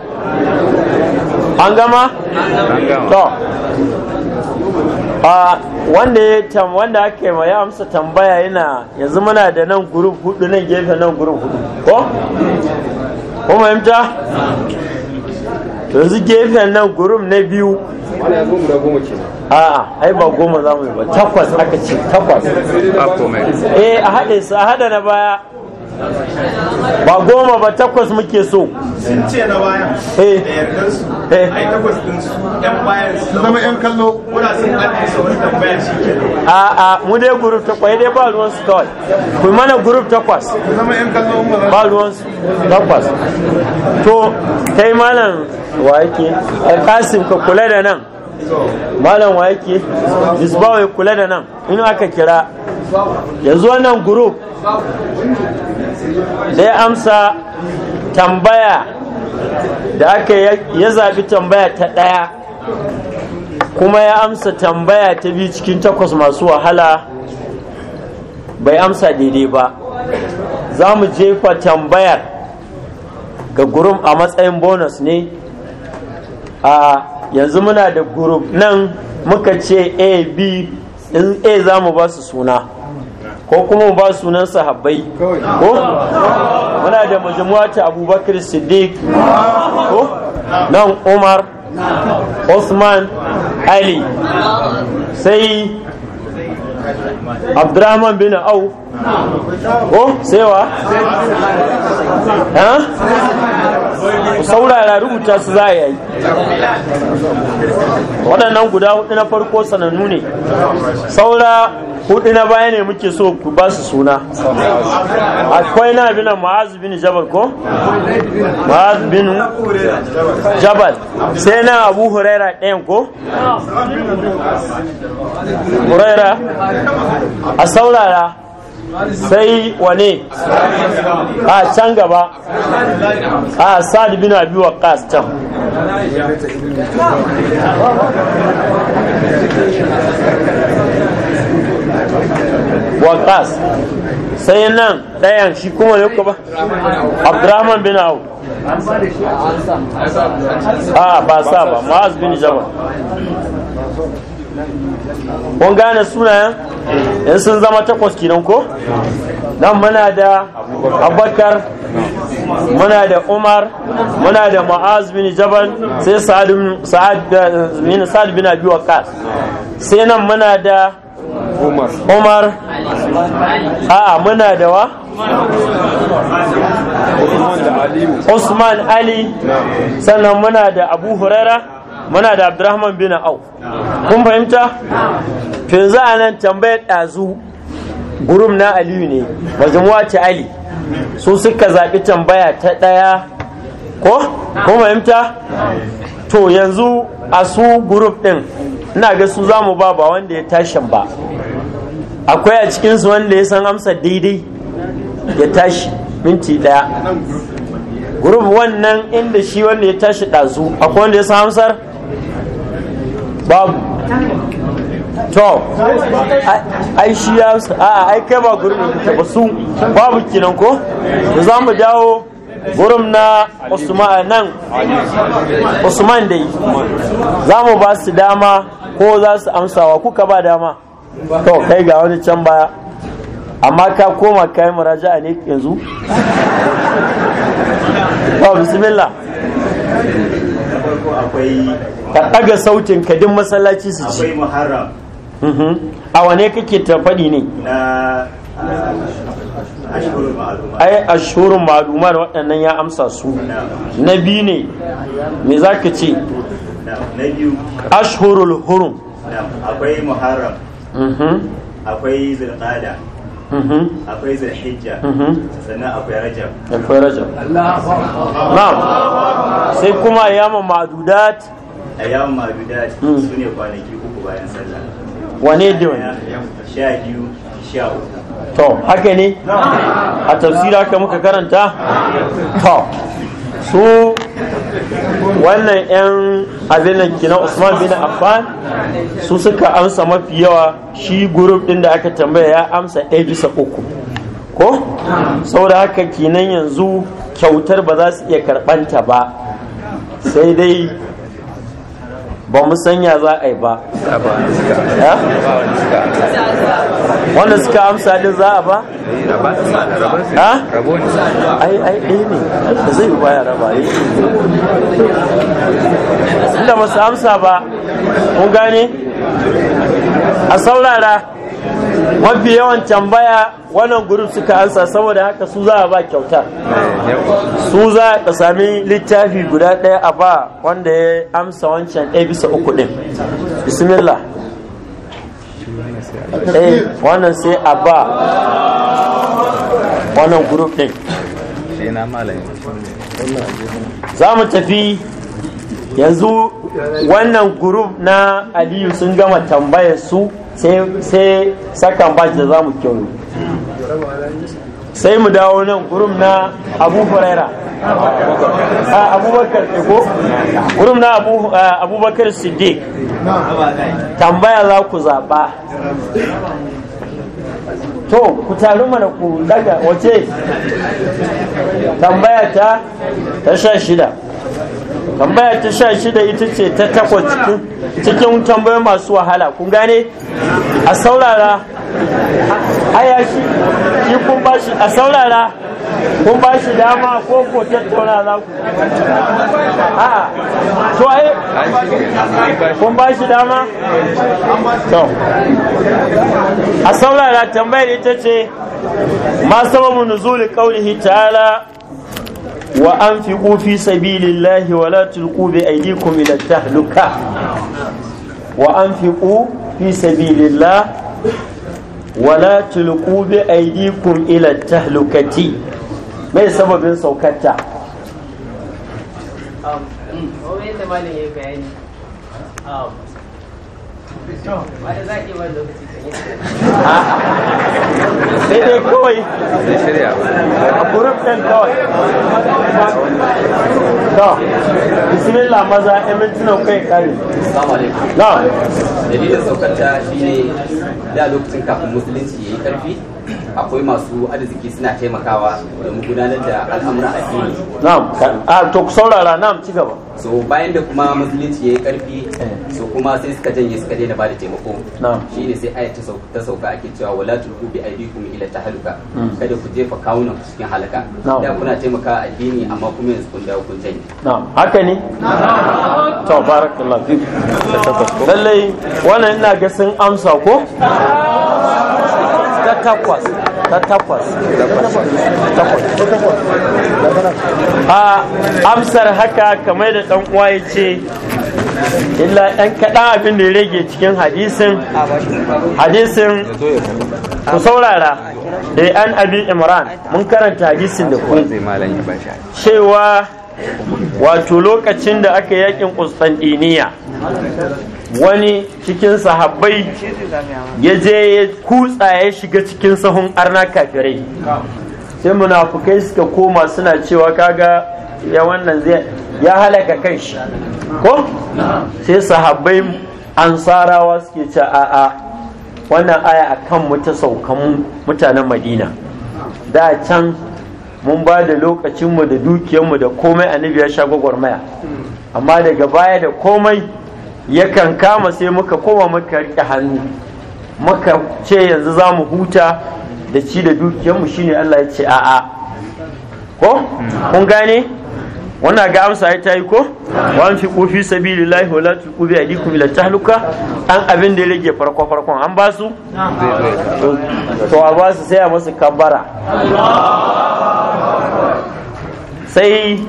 an gama? to ah, wanda ya tam wanda ake ma ya amsa tambaya yana yanzu muna da nan gurup hudu nan gefe nan gurup hudu ko? ko yamta? yanzu gefen nan gurup na biyu a ai ba goma za mu yi ba takwas aka ce takwas eh a haɗe su a haɗa na baya ba goma ba takwas muke so sun ce na bayan eh. da yardar su eh. ai takwas din su yan bayan su zama yan kallo kuna sun kaɗe su wani tambaya shi ke a a mu dai group ta kwai dai ba ruwan su kawai ku mana group takwas zama yan kallo ba ruwan su takwas to kai malam wa yake alkasim ka kula da nan malam wa yake isbawa ya kula da nan in aka kira yanzu wannan group da amsa tambaya da aka ya zaɓi tambaya ta ɗaya kuma ya amsa tambaya ta biyu cikin takwas masu wahala bai amsa daidai ba za mu jefa tambayar ga gurum a matsayin bonus ne a yanzu muna da gurum nan muka ce a b in a za mu ba su suna ko kuma ba sunan sahabbai ko muna da majmu'a ta abubakar siddiq ko nan umar Osman ali sai abdurrahman bin au ko sewa ha ku saurara rubuta su za a yi waɗannan guda hudu na farko sanannu ne saura hudu na baya ne muke so ku ba su suna akwai na binan ma'az bin jabal ko ma'az bin jabal sai na abu huraira ɗayan ko huraira a saurara sai wane a can gaba a sa'ad bin abi kas can Wa kas sai nan ɗayan shi kuma ne ba abdurrahman bin awu a ba sa ba ma'az bin jabal kun gane sunayen in sun zama takwas kenan ko nan muna da abubakar muna da umar muna da ma'az bin jabal sai sa'ad bin eh, abi waqas sai nan muna da umar a'a muna da wa usman ali sannan muna da abu huraira muna da abdurrahman bin au kun fahimta za a nan tambayar ɗazu gurum na aliyu ne majmuwa ce ali su suka zaɓi tambaya ta ɗaya ko kun fahimta to yanzu a su gurup ɗin ina ga su za mu ba ba wanda ya tashin ba akwai a cikinsu wanda ya san amsa daidai ya tashi minti ɗaya gurup wannan inda shi wanda ya tashi ɗazu akwai wanda ya san amsar babu to ai shi ya a ai kai ba gurin da ta basu babu kinan ko da za mu dawo gurin na usman nan usman dai za mu ba su dama ko za su amsawa kuka ba dama to kai ga wani can baya amma ka koma kayan a ne yanzu to bismillah ka ɗaga sautin ka din masallaci su ci akwai muharram mhm. a wane kake ta faɗi ne ai ashurun ma'aluma da waɗannan ya amsa su na bi ne me za ka ce ashurul hurum akwai muharram mhm. akwai zulqada Mm-hmm. akwai zulhijja mm-hmm. sannan akwai rajab akwai rajab na'am sai kuma ayyamu ma'dudat ayyamu ma'dudat mm. Sune kwanaki uku bayan sallah wane da wani sha biyu sha uku to haka ne a tafsira haka muka karanta to su wannan 'yan abin nan kina Usman bin Affan su suka amsa mafi yawa shi gurup din da aka tambaya ya amsa ɗaya bisa uku ko saboda haka kinan yanzu kyautar ba za su iya karɓanta ba sai dai ba mu sanya za a yi ba wanda suka amsa din za a ba ai ai ai ne da zai ba ya raba yi inda ba su amsa ba mun gane a saurara mafi yawan tambaya wannan gurup suka ansa saboda haka su za a ba kyauta su za a sami littafi guda ɗaya a ba wanda ya amsa wancan ɗaya bisa uku ɗin bismillah eh wannan sai a ba wannan gurup ɗin za mu tafi yanzu wannan group na aliyu sun gama tambayar su sai sakan bashi da zamu kyau sai mu dawo nan gurum na abu a ah, abubakar ko gurum na ah, abubakar siddiq tambaya za ku zaɓa to ku taru mana ku daga wace tambaya ta ta sha shida tambaya ta sha shida ita ce ta takwas cikin tambaya masu wahala kun gane a saurara aya shi shi kun ba shi a saurara kun ba shi dama ko ko tattauna za ku a to ai kun ba shi dama to a saurara tambayar ita ce ma sababu nuzuli qaulihi ta'ala wa an fi fi sabilillahi wa la a yi aydikum ila tahluka wa an fi fi sabilillah wala la bi aydikum ila tahlukati mai sababin saukarta um, sai dai kawai a kurin ɗin kawai to bismillah maza yan mintunan kai kare assalamu alaikum na dalilin saukanta shine da lokacin kafin musulunci ya yi karfi akwai masu arziki suna taimakawa domin gudanar da a addini na'am a to ku saurara na'am ci gaba so bayan da kuma musulunci ya yi karfi eh. so kuma sai suka janye suka daina da taimako Shi ne sai aya ta sauka ake cewa wala tulqu bi aydikum ila tahluka hmm. kada ku jefa kawunan ku cikin halaka da kuna a addini amma kuma yanzu kun dawo kun janye na'am haka ne to barakallahu fik lallai wannan ina ga sun amsa ko ta takwas ta takwas a amsar haka kamar da ɗan uwa ya ce illa ɗan kaɗan abin da ya rage cikin hadisin hadisin ku saurara da an abi imran mun karanta hadisin da ku cewa wato lokacin da aka yakin Constantiniya wani cikin sahabbai ya je ya kutsa ya shiga cikin sahun arna kafirai sai munafukai suka koma suna cewa kaga ya wannan zai ya halaka kan shi ko sai sahabbai ansarawa suke ce a'a wannan aya akan mu ta saukan mutanen madina da can mun ba da lokacinmu da dukiyarmu da komai a ya sha gwagwarmaya amma daga baya da komai yakan kama sai muka koma muka riƙe hannu muka ce yanzu za mu huta da ci da dukiyarmu shine Allah ya ce a'a ko kun gane wannan ga amsa ya yi ko wa an fi kofi sabilillahi wa la tuqu bi aydikum ila tahluka an abin da ya rage farko farkon an ba su to a ba su sai a masu kabara sai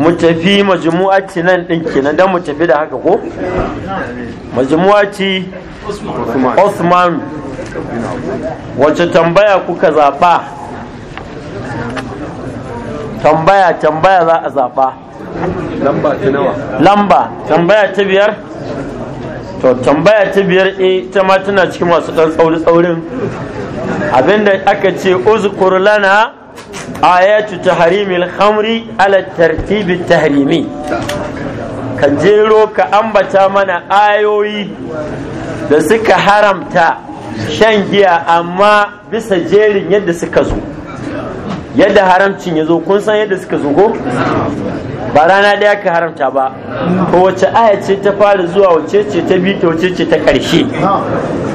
mu tafi majmu'ati nan din kenan dan mu tafi da haka ko majmu'ati Osman wace tambaya kuka zaɓa tambaya tambaya za a zaɓa lamba ta nawa lamba tambaya ta biyar to tambaya ta biyar e eh, ta ma tana cikin masu ɗan tsauri tsaurin abinda aka ce uzkur lana ayatu tahrimil khamri ala tartibi tahrimi ka jero ka ambata mana ayoyi da suka haramta shan giya amma bisa jerin yadda suka zo yadda haramcin ya zo kun san yadda suka zo ko ba rana ɗaya ka haramta ba ko wace aya ce ta fara zuwa wace ce ta bi ta wace ce ta ƙarshe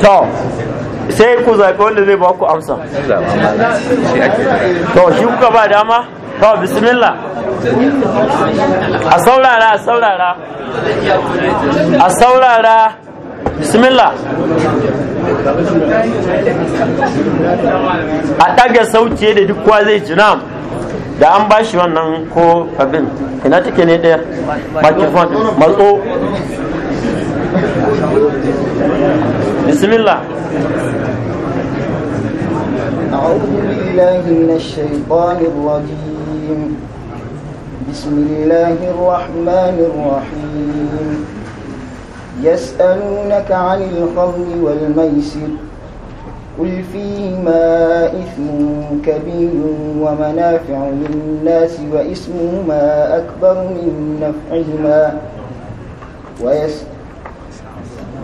to sai ku zaɓi wanda zai ba ku amsa to shi kuka ba dama to bismillah a saurara a saurara a saurara bismillah a ɗage sauce da duk kwa zai jinam da an ba shi wannan ko abin ina take ne ɗaya makifon matso بسم الله أعوذ بالله من الشيطان الرجيم بسم الله الرحمن الرحيم يسألونك عن الخمر والميسر قل فيهما إثم كبير ومنافع للناس وإسمهما أكبر من نفعهما ويسألونك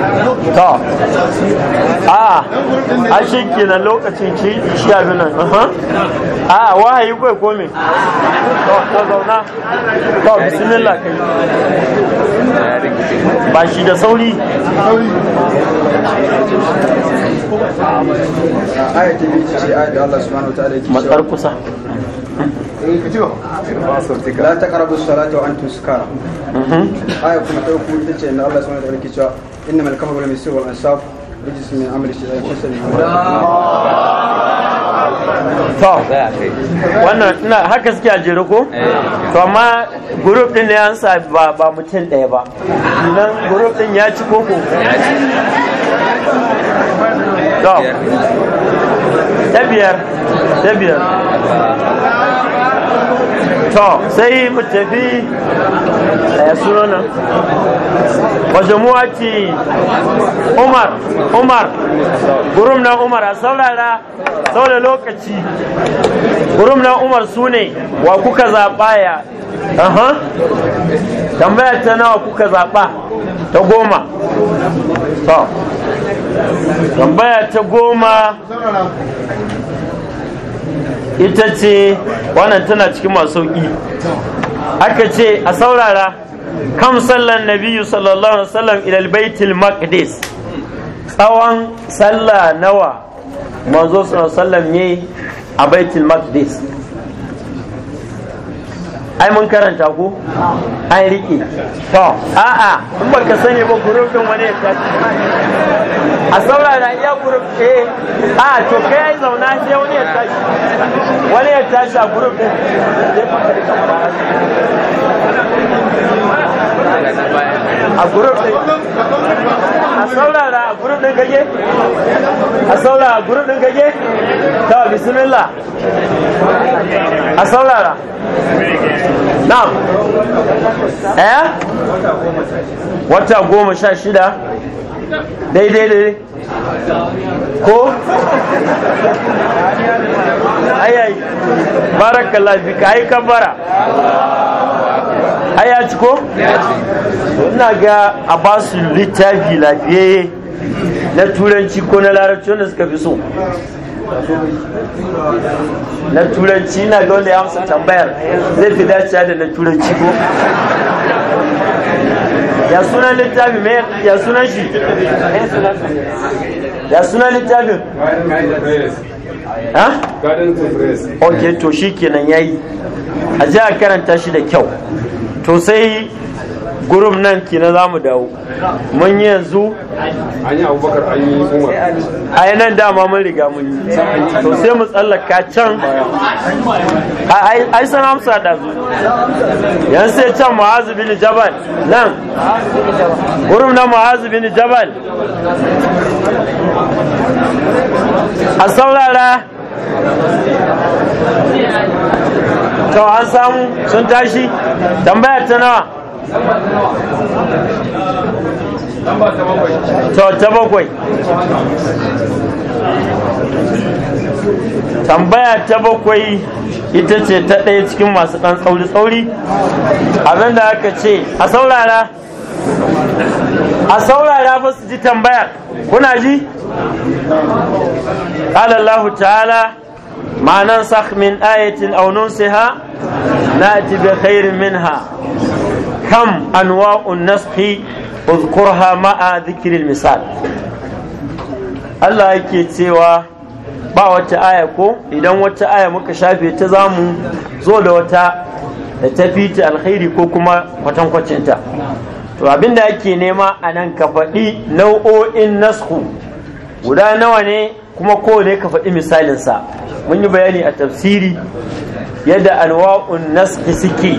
to a a shi kenan lokacin ci shi abin nan a wahayi kai ko to to zauna to bismillah kai ba shi da sauri matsar kusa la taqrabu as-salata wa antum sukara aya kuma ta uku ita ce na Allah subhanahu wa ta'ala ke cewa innamal khamru wal maisir wal ansab rijis min amali shaytan to wannan ina haka suke a jere ko to amma group din ne an sa ba ba mutum ɗaya ba nan group din ya ci koko to ta biyar ta biyar to sai mu tafi ya suna nan majamuwaci umar umar gurum na umar a saurara saura lokaci gurum na umar su ne wa kuka zaɓa ya tambaya ta nawa kuka zaɓa ta goma tambaya ta goma ita ce wannan tana cikin masu sauƙi aka ce a saurara kam sallan nabiyu sallallahu alaihi wasallam ilal baitul maqdis tsawon sallah nawa manzo sallallahu alaihi wasallam ne a baitul maqdis ai mun karanta ko an riki. to a'a in ba ka sani ba guruf din wani ya tashi a saurara iya guruf eh a to kai ai zauna sai wani ya tashi wani ya tashi a guruf din zai fara da kamar a guruf din a saurara a gurin ɗin gage a saurara a gurin ɗin ta bisimila. a saurara na'am eh wata goma sha shida daidai da ko ayayi barakallah fika ai bara. Aya ya ci ko ina ga a ba su littafi lafiye na turanci ko na larabci wanda suka fi so na turanci na ga wanda ya musu tambayar zai fi dacewa da na turanci ko ya sunan littafi mai ya sunan shi ya sunan littafin ha? ok to shi kenan yayi a a karanta shi da kyau to sai gurum nan ki na za mu dawo mun yi yanzu abubakar an yi umar a yi nan dama mun riga mun yi to sai mu tsallaka can ai san amsa da zu yan sai can mu'azu bin jabal nan gurum na mu'azu bin jabal a saurara to an samu sun tashi tambayar ta nawa to ta bakwai tambaya ta bakwai ita ce ta ɗaya cikin masu ɗan tsauri-tsauri abinda aka ce a saurara a saurara ba su ji tambayar kuna ji? ƙalallahu ta'ala ma'anan nan min ayatin aw siha na bi khairin minha kam anwa'un naskhi uzkurha ma'a zikirin misal Allah yake cewa ba wata aya ko idan wata aya muka shafe ta zamu zo da wata da ta alkhairi ko kuma kwatankwacinta to abinda ake nema a nan ka faɗi nau'o'in nasku guda nawa ne kuma kowane ka faɗi misalinsa mun yi bayani a tafsiri yadda anwa'un naski suke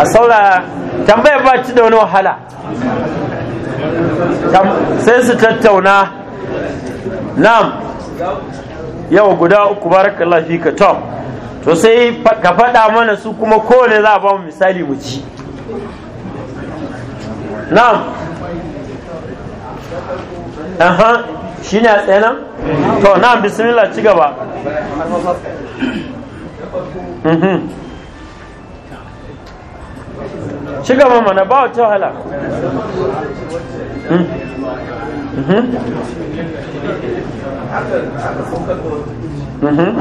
a saurara tambaya ba ci da wani wahala sai su tattauna nam yau guda uku baraka lafi ka tom to sai ka faɗa mana su kuma kowane za a ba mu misali mu ci nam shi ne a tsaye to na bismillah ci gaba mhm. ci gaba mana ba wata wahala mhm. Mhm.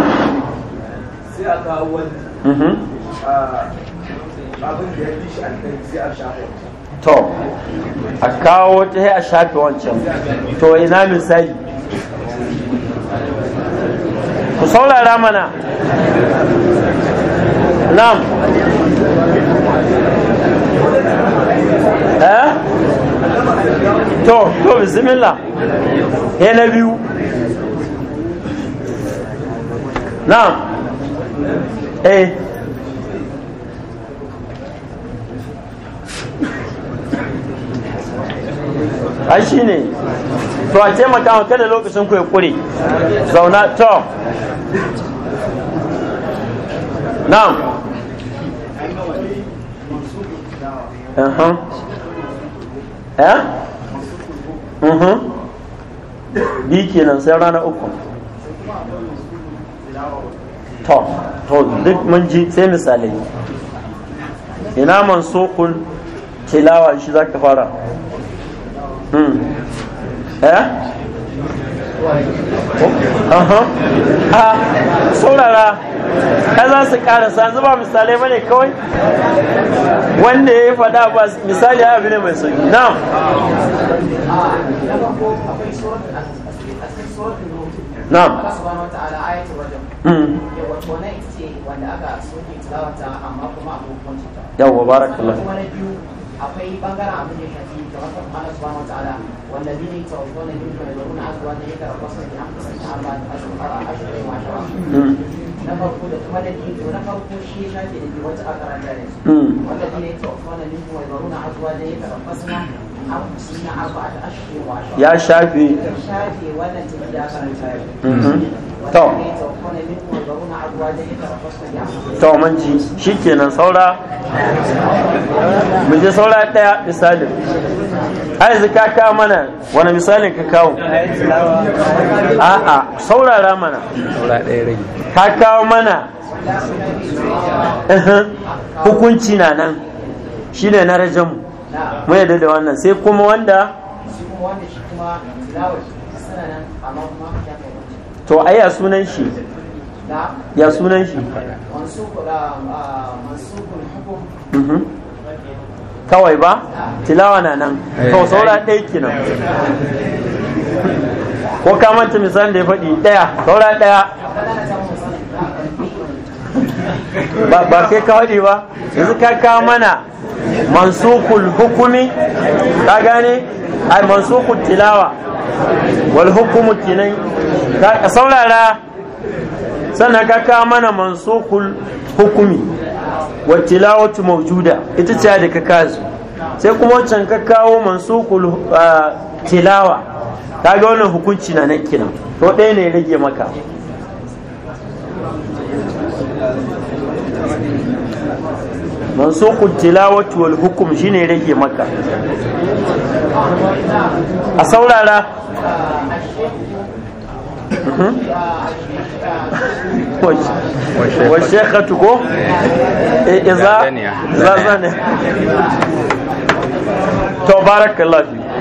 a to a kawo wata a shafe wancan to ina misali ku saurara mana nam eh to to bismillah ya na biyu nam eh ai shi ne to a taimaka wa kada lokacin ku ya kure zauna to na'am uh-huh. eh eh bi kenan sai rana uku to to duk mun ji sai misalai ina mansukun tilawa shi zaka fara Hmm. Eh? Uh-huh. a ah, saurara ai za su karasa zuba misalai bane kawai wanda ya yi fada ba misali ya abu ne mai sauki na na'am hmm. yawwa barakallah akwai bangaren abin da shafi قال سبحانه وتعالى والذين يتوفون منكم يذرون ازواجا يتربصن بانفسهن اربعه اشهر وعشرات na farko da kuma da ke na farko shi ya shafi da ke wata akaranta ne wanda ke ta ofana ne kuma ya baruna azuwa da ya karfasna amfusina arba'ata ashirin wa ya shafi ya shafi wannan tafi da akaranta hmm. ne to to mun shikenan saura mun ji saura daya misalin yanzu ka mana wani misalin ka kawo a'a saurara mana ka kawo kawo mana hukunci na nan shi ne na rajamu mu yadda da wannan sai kuma wanda to ai ya sunan shi ya sunan shi kawai ba tilawa na nan to saura ɗaya kenan ko ta misalin da ya faɗi ɗaya saura ɗaya ba kai ka waɗi ba yanzu ka ka mana mansukul hukumi ka gane ai mansukul tilawa wal hukumu kinan ka saurara sannan ka ka mana mansukul hukumi wa tilawatu mawjuda ita ce da ka kazo sai kuma wancan ka kawo mansukul ah, tilawa ka ga wannan hukunci na nan kinan to ɗaya ne rage maka mansukhu tilawatu wal hukum shine rage maka a saurara والشيخة mhm. e iza إذا زانية تبارك الله فيك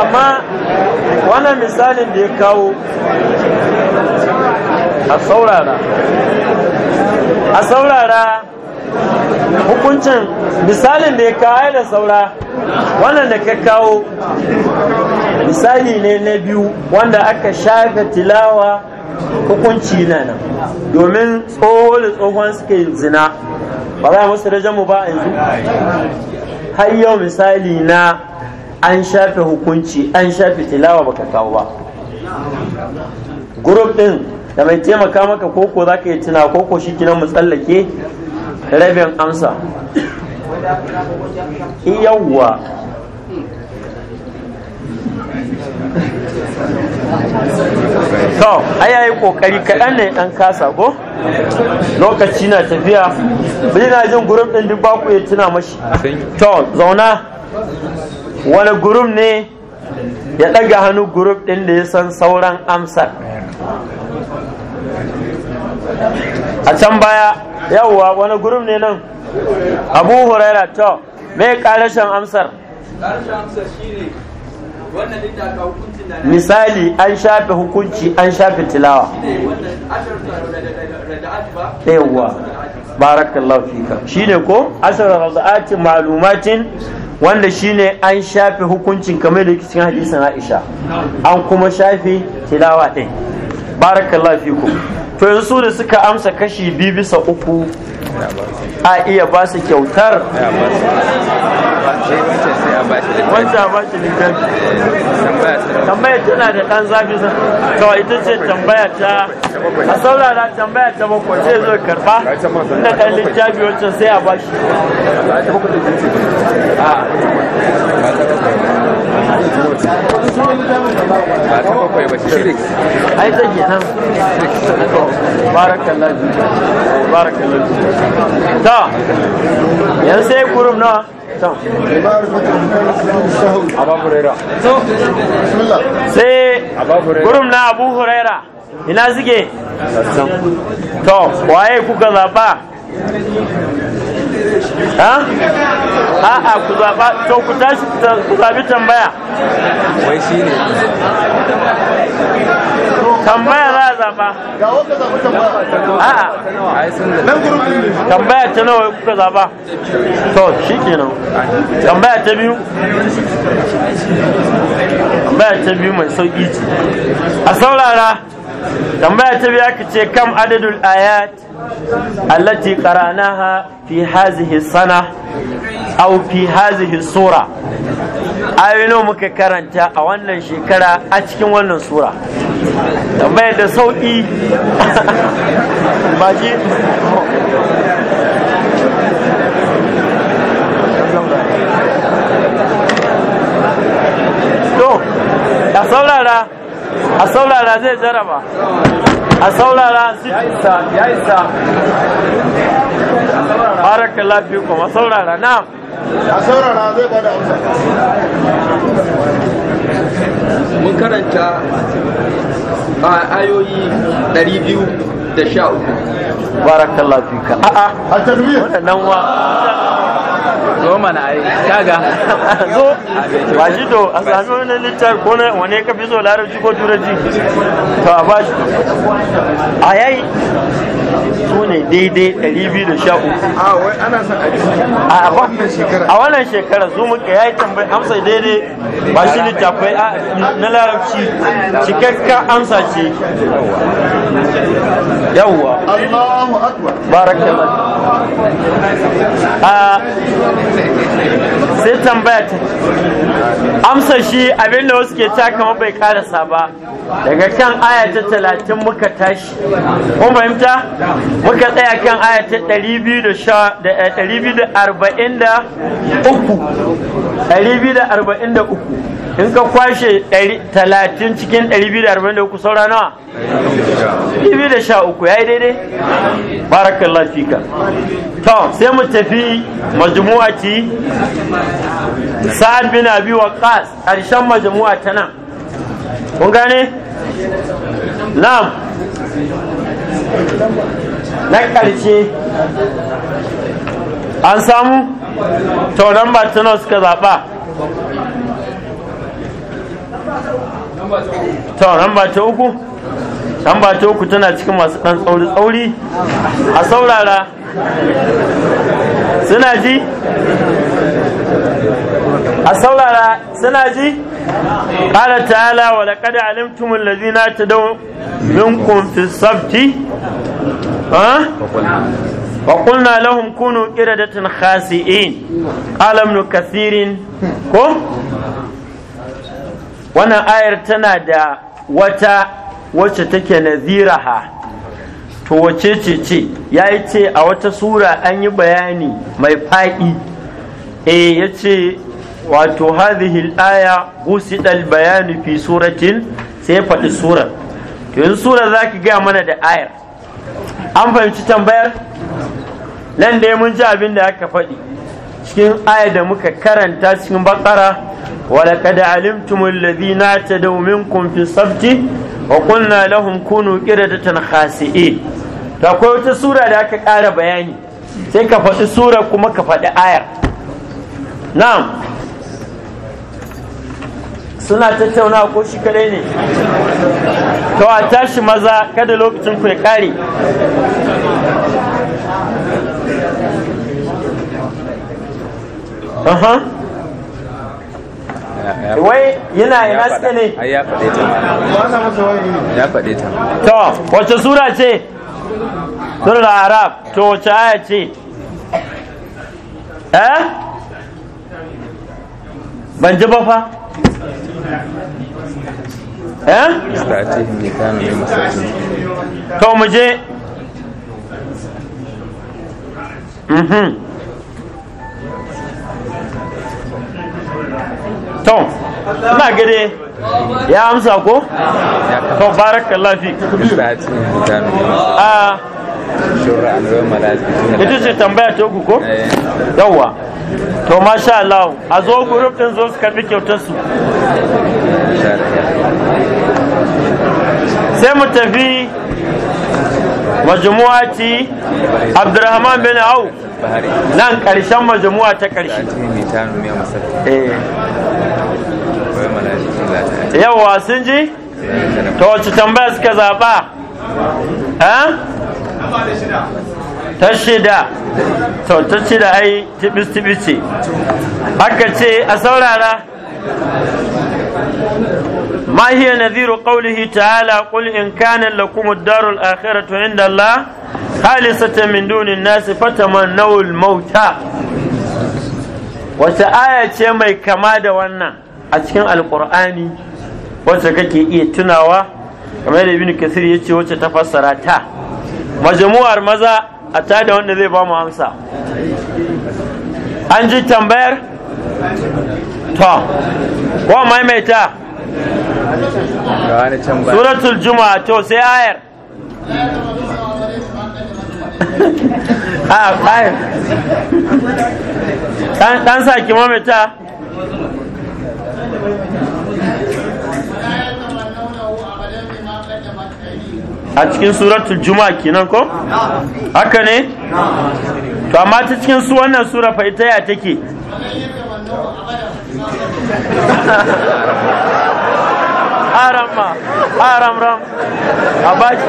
amma wannan misalin da ya kawo a saurara a saurara hukuncin misalin da ya kawo da saura wannan da ka kawo misali ne na biyu wanda aka shafe tilawa hukunci na nan domin tsoho tsohon suke zina ba za a musu da jamu ba yanzu har yau misali na an shafe hukunci an shafe tilawa baka kawo ba group din da mai taimaka maka koko za ka yi tuna koko shi kinan mu tsallake rabin amsa yawwa to aya yi kokari kaɗan ne ɗan kasa ko lokaci na tafiya bari na jin gurin ɗin duk baku ya tuna mashi to zauna wani gurum ne ya ɗaga hannu gurup ɗin da ya san sauran amsar a can baya yawwa wani gurum ne nan abu huraira to mai ƙarashen amsar misali an shafe hukunci an shafe tilawa yawwa barakallahu fika shine ko Asarar rada'atin malumatin wanda shine an shafe hukuncin kamar da cikin hadisin Aisha an kuma shafe tilawa din barakallahu fikum to yanzu su da suka amsa kashi biyu bisa uku a iya ba su kyautar sai wancan sai a littafi tambaya tana da ɗan zafi ita ce tambaya ta a saurara tambaya ta sai zo karba inda ɗan littafi wancan sai a ba ai ta ke nan barakallah barakallah ta sai kurum na sai gurum na abu huraira ina zige? to waye kuka zaba ha a'a ku zaba to ku tashi ku zabi tambaya wai shine tambaya za a zaba a'a tambaya ta nawa kuka zaba to shi tambaya ta biyu tambaya ta biyu mai sauki ce a saurara tambaya ta biyu aka ce kam adadul ayat allati qaranaha fi hazihi sana aw fi hazihi sura nawa muka karanta a wannan shekara a cikin wannan sura tambayar da sauƙi baki to a saurara a saurara zai jaraba a saurara ya isa baraka lafiya a saurara na a saurara zai bada amsa mun karanta a ayoyi 213 barakallahu fika a a tanwir wannan wa zo mana ai kaga zo ba shi to a sami wani littafi ko wani ka fi so larabci ko turanci to a bashi a yayi su ne daidai 213 a wai ana son a wannan shekara a wannan shekara su muka yayi tambayi amsa daidai ba shi littafai na larabci cikakka amsa ce yawwa Allahu akbar barakallahu sai tambaya ta amsa shi abinda wasu ke ta kama bai karasa ba daga kan aya ta talatin muka tashi kun fahimta muka tsaya kan aya ta ɗari biyu da eh, arba'in da uku ɗari biyu da arba'in da uku in ka kwashe talatin cikin 243 saura nawa 213 ya yi daidai barakan lafika to sai mu tafi majmu'ati sa'ad bin abi kas karshen majmu'a ta nan kun gane na'am na karshe an samu to nan ba suka zaɓa to lamba ta uku lamba ta uku tana cikin masu dan tsauri tsauri a saurara suna ji a saurara suna ji ƙara ta'ala wa da ƙada alimtumin lazi na ta da minkum fi safti wa kulna lahum kunu iradatin khasi'in ƙalam nu kathirin ko wannan ayar tana da wata wacce take naziraha to wace ce ce ya yi ce a wata sura an yi bayani mai fa'i e eh, ya ce wato hadhihi aya gusidal bayani fi suratin sai faɗi surar to yanzu surar za ki gaya mana da ayar an fahimci tambayar nan dai mun ji abin da aka faɗi cikin aya da muka karanta cikin bakara ta da minkum fi safti wa الصفت lahum kunu qiradatan khasi'i Ta akwai wata sura da aka ƙara bayani sai ka faɗi sura kuma ka faɗi ayar na'am suna tattauna ko shi kadai ne to a tashi maza kada lokacin ku ya kare wai yana yi suke ne ya faɗe ta ya ta to wace sura ce sura da arab to wace aya ce eh ban ji ba fa eh to mu je mhm. tom na gade ya amsa ko to barakallahu ah. lafi a ita ce tambaya ta uku ko eh, eh. yawwa to masha Allah a zo group din zo su karbi kyautar su sai mu tafi majmu'a ci Abdurrahman bin Auf nan karshen majmu'a ta karshe Yau sun ji ta wacce tambaya suka zaba? ha? ta shida ta ta shida ai tibis ce aka ce a saurara ma hiya nadhiru qawlihi ta'ala qul in kana lakum ad-darul akhiratu inda Allah khalisatan min duni an-nas fatamannu al-mauta wata aya ce mai kama da wannan a cikin alkur'ani wacce kake iya tunawa kamar da ibn kasir ya ce wacce ta fassara ta majmu'ar maza a ta da wanda zai ba mu amsa an ji tambayar to wa maimaita suratul juma'a to sai ayar a ah, ayar dan sa ki maimaita a cikin suratul juma'a kenan ko haka ne to amma ta cikin su wannan sura fa ita ya take haram ma haram ram a baki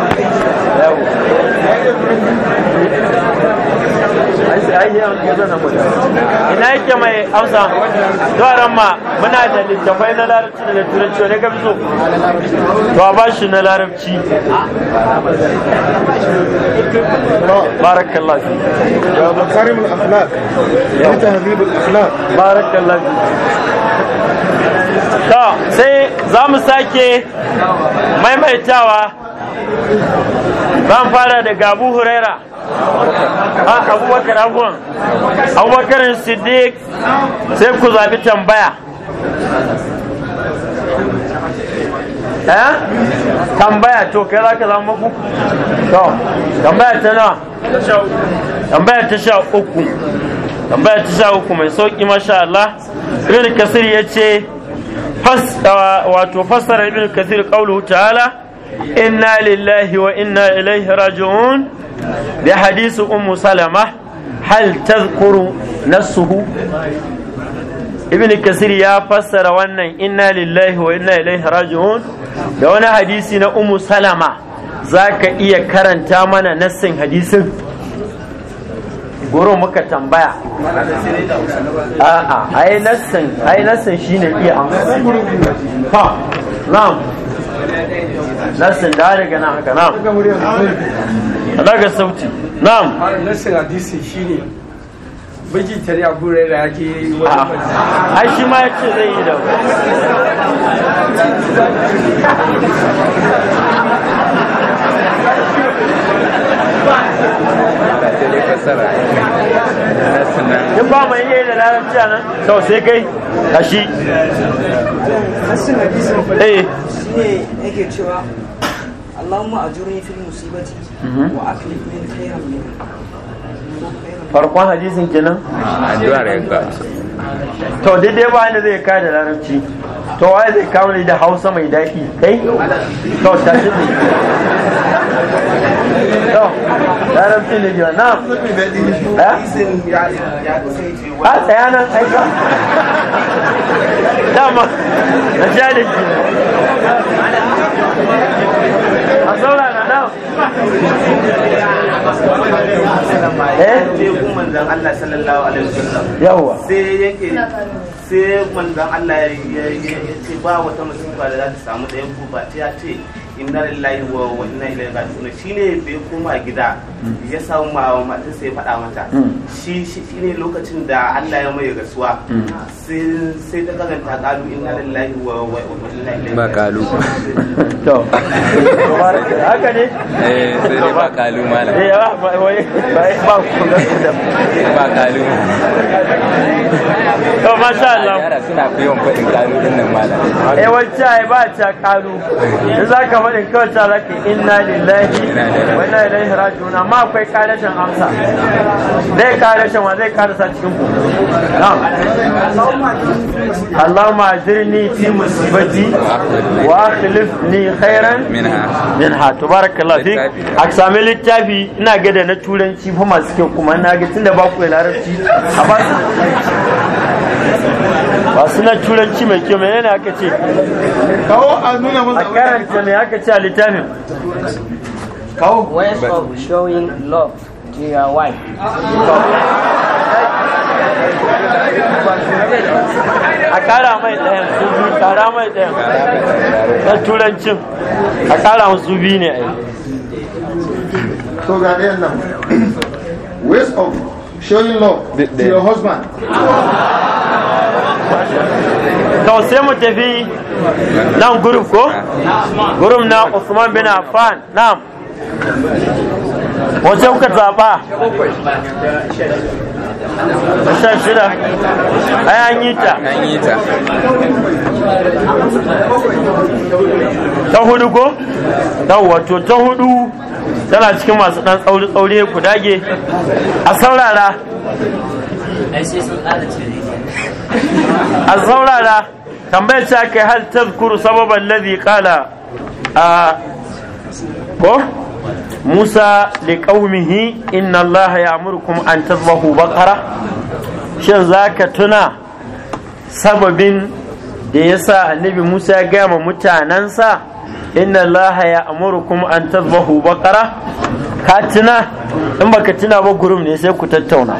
ina yake mai amsa a ma muna da littafai na larabci da turanci wani gafi so to a ba shi na larabci barakallah fi karim al-akhlaq ya tahdhib al-akhlaq barakallah fi to sai za mu sake maimaitawa ban fara daga abu huraira a abubakar abuwan abubakarin siddiq sai ku zaɓi tambaya eh tambaya to kai za ka zama maku to tambaya ta nawa tambaya ta sha uku tambaya ta sha uku mai sauki masha Allah ibn kasir ya ce wato fassara ibn kasir qawluhu ta'ala inna lillahi wa inna ilaihi raji'un da hadisu ummu salama hal tazkuru nasuhu ibn kasir ya fassara wannan inna lillahi wa inna ilaihi raji'un da wani hadisi na ummu salama zaka iya karanta mana nassin hadisin gurin muka tambaya a'a ai nassin ai nassin shine iya amma na'am nassin daga nan haka daga sauti na'am nassin hadisi shine biji tare a da yi shi ma ce zai yi da Thank in ba mai yi da larabci nan sau sai kai a eh. shi fil musibati mhm. to daidai ba inda zai kai da larabci to wai zai kawo da hausa mai daki kai to tashi ne larabci ne jiwa na a tsaya nan aika dama na sha a eh? sai yake sai Allah ya ba wata musulma da za ta samu ɗayan ku ba ta ce inna lillahi wa inna ilaihi raji'un shine bai koma gida ya samu sai faɗa mata shi shine lokacin da Allah ya mai rasuwa sai ta karanta kalu inna wa inna ilaihi ba kalu to haka ne eh sai ba kalu malam eh to masha Allah suna fiyon yawan faɗin kalu din nan malam eh wacce ai ba ta kalu in zaka faɗin kawai ta zaka inna lillahi wa inna ilaihi raji'un amma akwai karashin amsa zai karashin wa zai karasa cikin ku na'am Allahumma ajirni fi musibati wa akhlifni khairan minha minha tabarakallah fi aksami littafi ina ga da na turanci fa masu kyau kuma na ga tunda ba ku larabci a ba ba na turanci mai kyau mai yana aka ce kawo a nuna masa a karanta mai aka ce a littafin kawo ways of showing love to your wife a kara mai ɗayan zubi kara mai ɗayan na turancin a kara mai zubi ne a yi ga ɗayan nan ways of showing love to your husband to sai mu tafi nan guruf ko guruf na usman um bin affan na'am wace kuka zaɓa sha shida a an yi ta ta hudu ko ta wato ta hudu tana cikin masu ɗan tsauri-tsauri ku dage a saurara a saurara tambayar ta kai hal tazkuru sababan ladhi qala a ko Musa li qaumihi inna Allah ya'murukum an tadhbahu baqara shin zaka tuna sababin da yasa annabi Musa ya gama mutanansa inna allaha ya amurukum an tazbahu baqara ka tuna in baka tuna ba gurum ne sai ku tattauna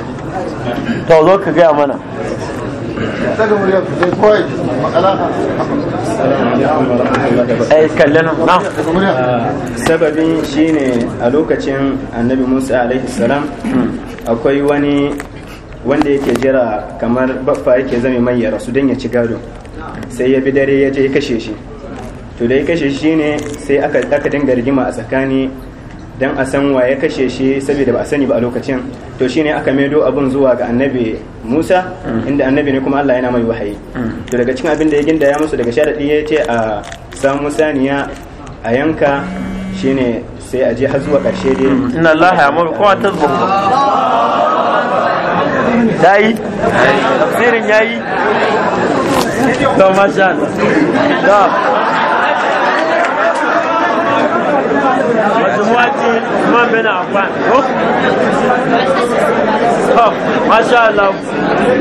to zo ka mana eh, sababin shine a lokacin annabi musa alaihi salam akwai wani wanda yake jira kamar baffa yake zama mai ya rasu don ya ci gado sai ya bi dare ya je ya kashe shi to da ya kashe shi ne sai aka dinga rigima a tsakani dan a san wa ya kashe shi saboda ba a sani ba a lokacin to shine aka maido abun zuwa ga annabi Musa mm. inda annabi ne kuma Allah yana mai wahayi mm. to daga cikin abin da ya ginda ya musu daga sharadi ya ce a samu saniya a yanka shine sai a je har zuwa karshe dai mm. inna Allah ya amuru kuma ta tazbuhu dai tafsirin yayi to masha Allah حجة عثمان بن عفان ما شاء الله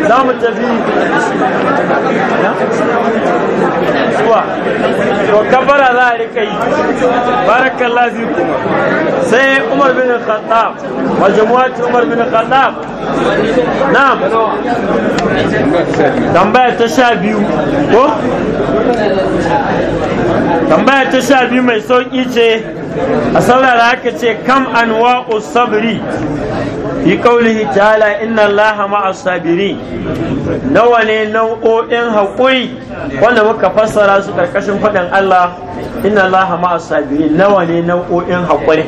دام التبيين وكبر ذلك بارك الله فيكم سي عمر بن الخطاب وجماعة عمر بن الخطاب نعم tambaya ta sha biyu ko tambaya ta a sallara aka ce kam wa'u sabri fi qaulihi ta'ala inna allaha ma'a sabiri nawa ne nau'o'in haƙuri wanda muka fassara su ƙarƙashin faɗin Allah inna allaha ma'a sabiri nawa ne nau'o'in haƙuri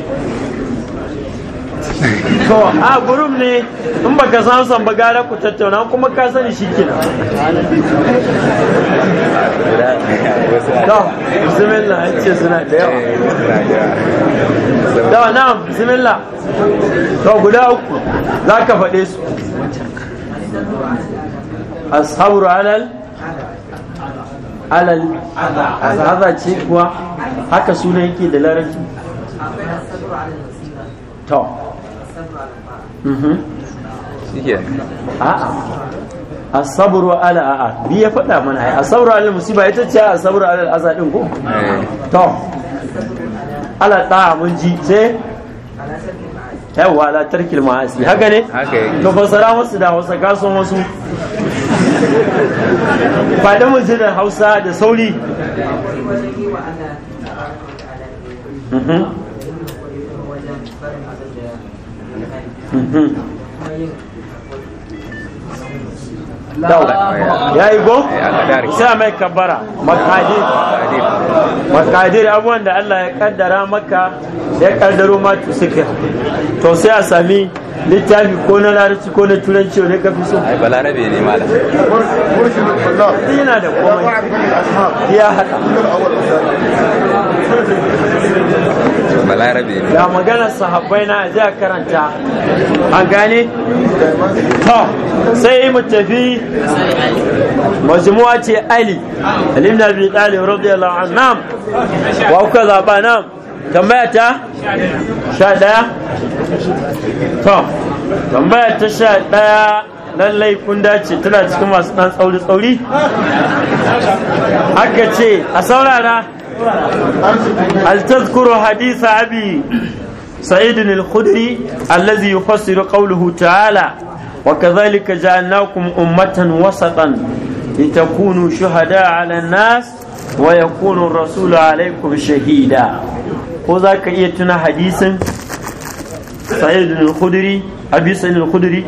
to a gurum ne in baka san san ba gara ku tattauna kuma ka sani shi kenan to bismillah an ce suna da yawa to na'am bismillah to guda uku za ka faɗe su ashabu alal alal azhaza ce kuwa haka suna yake da larabci to Mhm. asabru ala a'a bi ya faɗa mana ai asabru ala musiba ita ce asabru ala al'aza din ko eh. to ala ta mun ji ce yawa ala tarkil ma'asi haka ne to fasara musu da Hausa kason wasu faɗa mun ji da Hausa da sauri mhm. Mhm. ya yi go sai mai makadir makadir abubuwan da Allah ya kaddara maka ya kaddaro ma tusikir to sai a sami littafi ko na larabci ko na turanci ne ka fi so ai balarabe ne yana da komai ya balarabe ne da magana sahabbai na zai karanta an gane to sai mu tafi majmu'a ce ali ali ibn abi talib radiyallahu anhu nam wa kuka zaba nam tambaya ta sha daya to tambaya ta sha daya lallai kun dace tana cikin masu dan tsauri tsauri haka ce a saurara هل تذكر حديث أبي سعيد الخدري الذي يفسر قوله تعالى وكذلك جعلناكم أمة وسطا لتكونوا شهداء على الناس ويكون الرسول عليكم شهيدا وذاك يتنا حديث سعيد الخدري أبي سعيد الخدري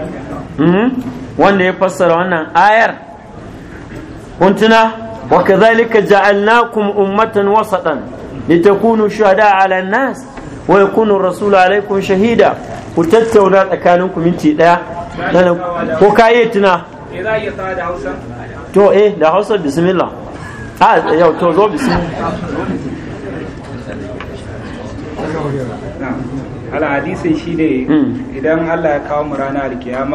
wanda ya fassara wannan ayar kun tuna Wa ka za ja al'ankun ummatan wasu aɗani? Ni ta kunu shi a da alayyansu. Wai kunun shahida. Ku tattauna tsakaninku minti ɗaya ko ka tuna? To eh da Hausa bisimila. A'a yau to zo bisimila. Al'adisan shi ne idan Allah ya kawo mu rana akiya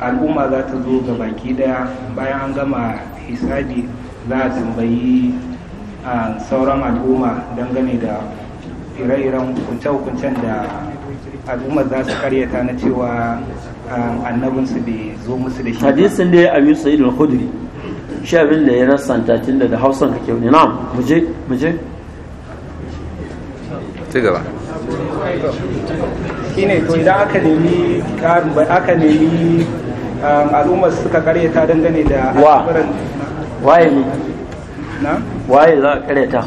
al'umma za ta zo gaban ki daya. Bayan an gama. hisabi za a tambayi a sauran al'umma dangane da ire-iren hukunce-hukuncen da al'umma za su karyata na cewa su bai zo musu da shi hadisin da ya abi sai da khudri shi abin da ya rasanta tun da hausan kake wani na muje muje ci gaba ne to idan aka nemi aka nemi Um, al'ummar suka karyata dangane da al'amuran waye ne waye za a karyata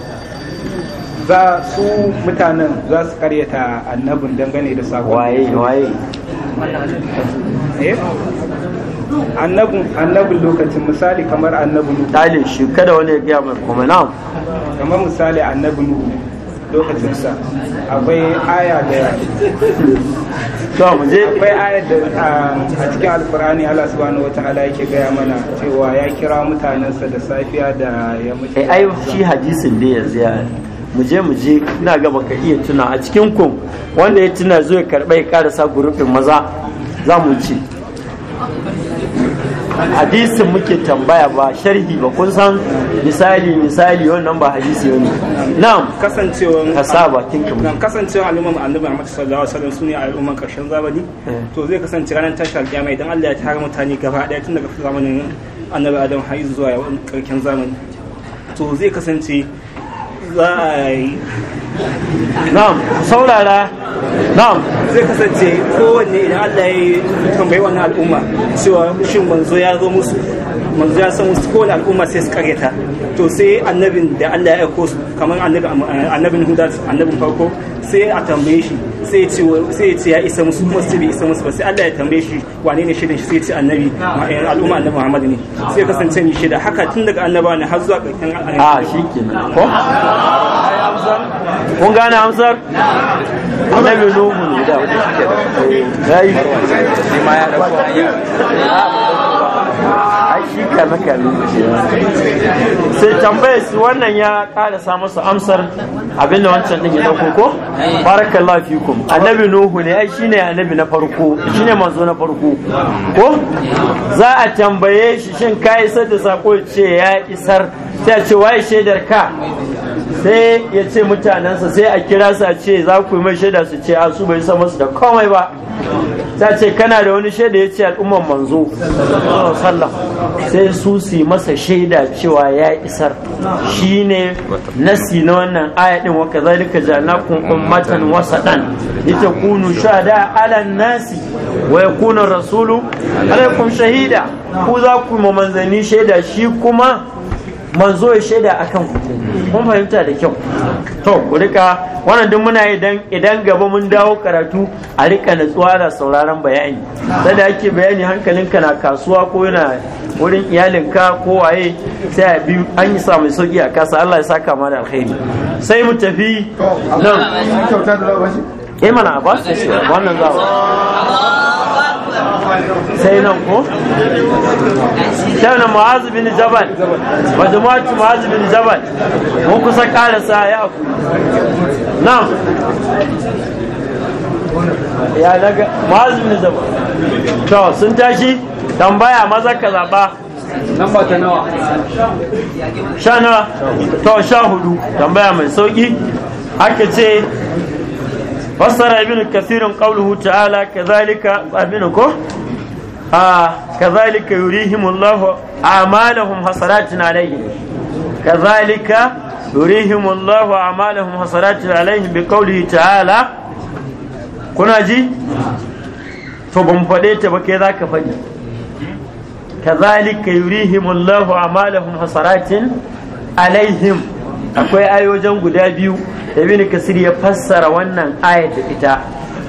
za su mutanen za su karyata annabin dangane da sakon waye waye eh? annabin lokacin misali kamar annabin nuhu dalil shi kada wani ya gaya mai kuma na kamar misali annabin lokacin sa akwai aya da to mu je akwai aya da a cikin alkurani Allah subhanahu wataala yake gaya mana cewa ya kira mutanensa da safiya da ya mutu eh, ai shi hadisin da yanzu ya mu je mu je ina ga baka iya tuna a cikin ku wanda ya tuna zo ya karba ya karasa gurufin maza za mu ci hadisin muke tambaya ba sharhi ba kun san misali misali wannan ba hadisi bane na'am kasancewan kasaba kin kuma kasancewan al'umma annabi Muhammad sallallahu alaihi wasallam sune al'umma karshen zamani eh. to zai kasance ranar tashi alƙiyama idan Allah ya tara mutane gaba daya tun daga zamanin annabi Adam har zuwa karshen zamani to zai kasance za a na'am saurara na'am zai kasance kowanne idan Allah ya tambayi wannan al'umma cewa shin manzo ya zo musu manzo ya san musu kowane al'umma sai su kareta to sai annabin da Allah ya aiko su kamar annabin annabin annabin farko sai a tambaye shi sai ce sai ce ya isa musu kuma sai bai isa musu ba sai Allah ya tambaye shi wane ne shirin shi sai ce annabi eh, al'umma annabi Muhammad ne sai kasance ni shida haka tun daga annaba ne har zuwa ƙarshen a ah, shikenan ko kun gane amsar annabi nuhu ne da wani shi ke da yayi ma ya dauko ayyuka ah, shi kame sai tambaye su wannan ya sa masu amsar abinda wancan din ya dauko ko barakallahu fikum annabi nuhu ne ai shine annabi na farko shine manzo na farko ko za a tambaye shi shin ka isar da sako ce ya isar sai ce waye shaidar ka sai ya ce mutanensa sai a kira su a ce za ku yi mai shaida su ce a su bai san masu da komai ba ta ce kana da wani shaida ya ce al'umman manzo sai su su masa shaida cewa ya isar shi ne nasi na wannan aya kun wa wasa dan. ummatan kunu kunu shada ala nasi wa kunan rasulu alaikum shahida ku za ku yi manzanni shaida shi kuma manzo ya shaida akan kan kun fahimta da kyau to ku rika wannan duk muna idan idan gaba mun dawo karatu a rika natsuwa da sauraron bayani sai da ake bayani hankalinka na kasuwa ko yana wurin iyalinka ko waye sai a bi an yi samu sauki a kasa Allah ya saka mana alkhairi sai mu tafi nan eh ba su wannan zawo sai nan ko sai na bin jabal wa jama'atu mu'azu bin jabal mun kusa karasa ya ku nan ya daga mu'azu bin jabal to sun tashi tambaya maza ka zaba Namba ta nawa? Sha nawa? To sha hudu, tambaya mai sauki. ake ce fassara ibn kasirin qawluhu ta'ala kadhalika abin ko a kadhalika yurihimullahu a'malahum hasaratin alayhim kadhalika yurihimullahu a'malahum hasaratin alayhim bi qawlihi ta'ala kuna ji to ban faɗe ta ba kai zaka faɗi kadhalika yurihimullahu a'malahum hasaratin alaihim akwai ayojan guda biyu ibn kasir ya fassara wannan ayar da ita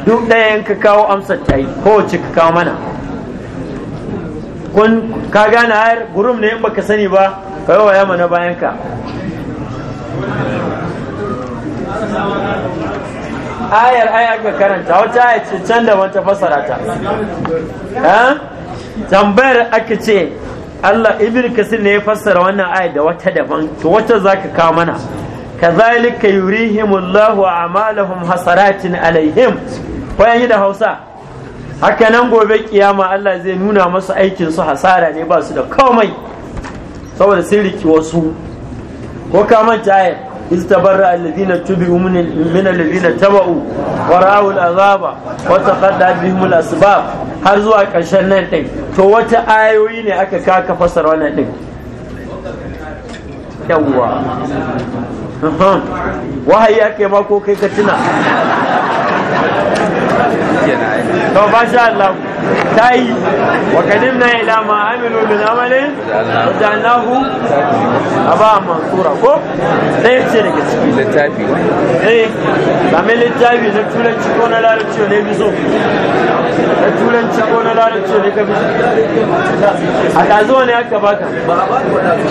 duk ɗayan ka kawo amsar ta yi kowace ka kawo mana kun ka gane har gurum ne in baka sani ba ka yi waya mana bayan ka ayar ayar ka karanta wata ayar ce can da wata fassara ta tambayar aka ce Allah ibn kasir ne ya fassara wannan aya da wata daban to wata zaka kawo mana kazalika yurihimullahu a'malahum hasaratin alaihim ko yi da Hausa haka nan gobe kiyama Allah zai nuna masu aikin su hasara ne ba su da komai saboda sun riki wasu ko ka manta ayat استبرأ الذين اتبعوا من الذين اتبعوا ورأوا العذاب وتقطعت بهم الأسباب har zuwa ƙarshen nan ɗin to wata ayoyi ne aka kaka fasar wannan ɗin yawwa wahayi kai ka tuna to ba ta yi wa kadin na ila ma aminu min amalin ja'alnahu aba mansura ko dai ce daga cikin littafi eh kamar littafi na turanci ko na larabci ne bi so na turanci ko na larabci ne ka bi a kazo ne aka baka ba ba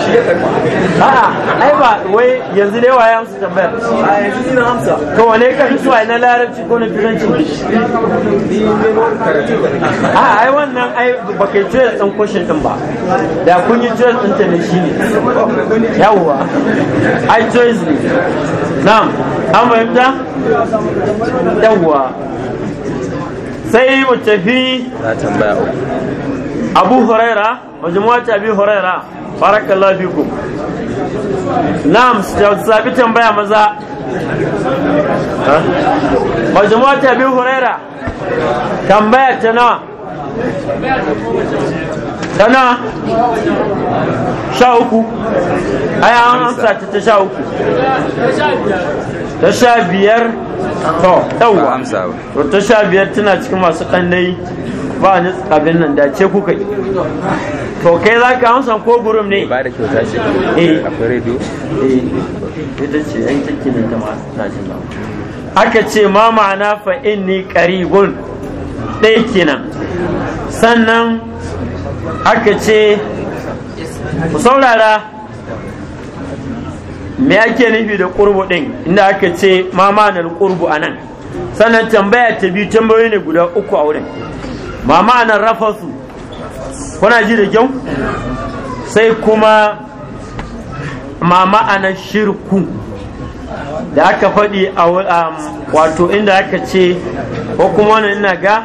shi ya ba a'a ai ba wai yanzu dai wa ya amsa tambayar a yanzu na amsa ka wane ka bi so na larabci ko na turanci a ai wannan ai ba kai cire ɗan kushin ɗin ba da kun yi cire ɗin ta ne shi ne yawwa ai cire ne na'am an fahimta yawwa sai mu tafi abu huraira majmuwata abi huraira barakallahu fikum na'am sabi tambaya maza ta abi huraira tambaya ta nawa sana na sha uku ai an amsa ta ta sha uku ta sha biyar to yawwa to ta sha biyar tana cikin masu kannai ba ni abin nan da ce kuka yi to kai za ka amsa ko gurum ne ba da kyau ta kyauta ce eh. akwai rediyo eh ita ce yan take ne ta ma ta aka ce ma ma'ana fa inni qaribun ɗaya kenan sannan aka ce ku saurara me ake nufi da ƙurbu ɗin inda aka ce mamanar ƙurbu a nan sannan tambaya ta biyu tambayoyi ne guda uku a wurin mamanar rafasu kuna ji da kyau sai kuma mama'anar shirku da aka faɗi a um, wato inda aka ce ko kuma wannan ina ga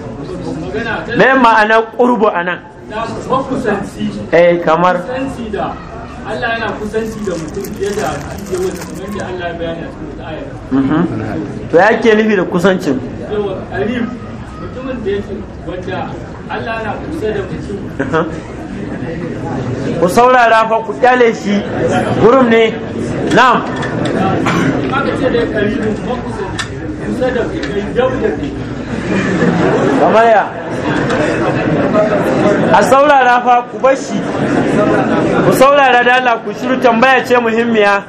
me ma'ana qurbu anan eh kamar Allah yana kusanci da mutum fiye da ake wata kamar da Allah ya bayani a cikin wata ayar. Mm-hmm. To ya ke nufi da kusancin? Yau, Alif, mutumin da yake wadda Allah yana kusa da mutum. Ku saurara fa ku kyale shi gurum ne, na'am. Maka ce da karibu, makusa, kusa da kai, yau da kai. kamar ya a saurara fa ku bashi ku saurara da Allah ku shiru tambaya ce muhimmiya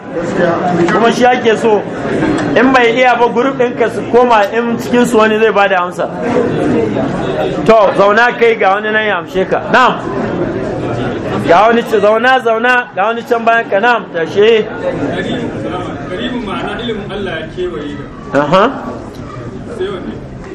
kuma shi ake so in bai iya ba grup ɗinka su koma in cikin su wani zai bada amsa to zauna kai ga wani nan ya amshe ka na'am ga wani ce zauna zauna ga wani can bayan ka na'am tashe garibin ma'ana ilimin Allah ya kewaye da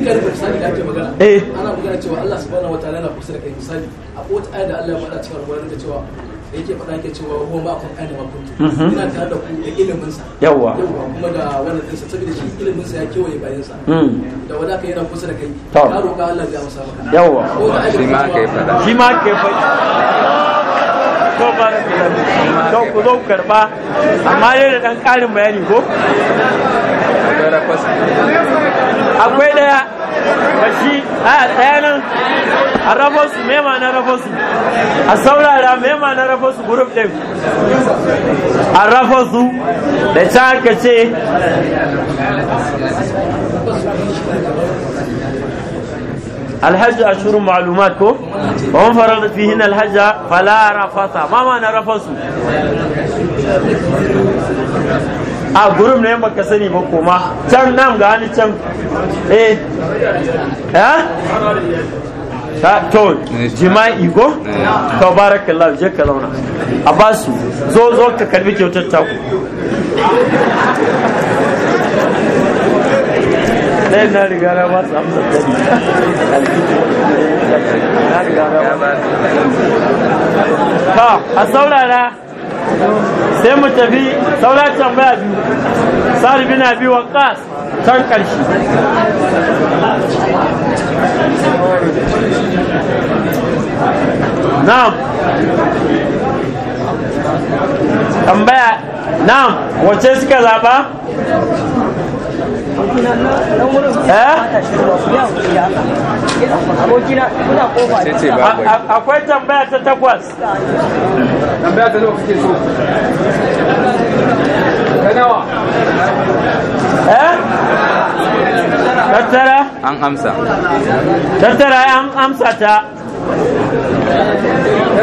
hakika da misali da ake magana eh ana magana cewa Allah subhanahu wataala kusa da kai misali wata aya da Allah ya faɗa da cewa yake faɗa ke cewa huwa ma kun aina ma mhm. ina tare da ku da ilimin sa yawa kuma da wannan din sa saboda shi ilimin sa ya kewaye bayan sa hmm. da wanda kai yana kusa da kai roƙa Allah ya maka yawa shi ma kai faɗa shi ma kai faɗa ku zo karba amma dan ƙarin bayani ko akwai daya kashi a daya nan a rabo su mema na rabo su a saurara mema na rabo su group a rabo da ta ka ce alhaji ashirin ma'alumat ko ba mun fara fi hin alhaji fala rafasa mama na rafasu a gurum ne baka sani ba kuma can nan ga wani can eh ha ta to jima'i go to barakallahu je ka zauna a su zo zo ka karbi kyautar taku ɗaya na riga na ba su amsa ta a saurara sai mu tafi sauran tambaya biyu sa'ad bin abi waqas kan karshe na'am tambaya na'am wace suka zaba Eh? akwai tambaya ta takwas tambaya ta kake so ta nawa eh? tattara an amsa tattara an amsa ta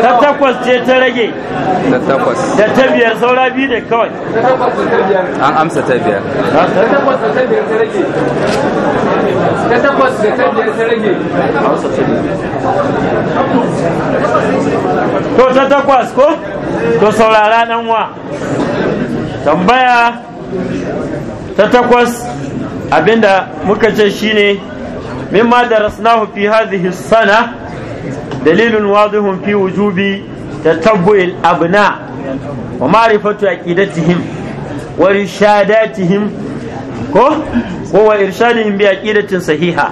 ta takwas ce ta rage ta takwas da ta biyar saura biyu da kawai ta takwas ta biyar an amsa ta biyar ta takwas ta biyar ta rage ta takwas da ta biyar ta rage to ta takwas ko to saurara nan wa tambaya ta takwas abinda muka ce shine mimma da rasnahu fi hadhihi sana dalilun wadihun fi wujubi tatabbu'il abna wa ma'rifatu aqidatihim wa irshadatihim ko ko wa irshadihim bi aqidatin sahiha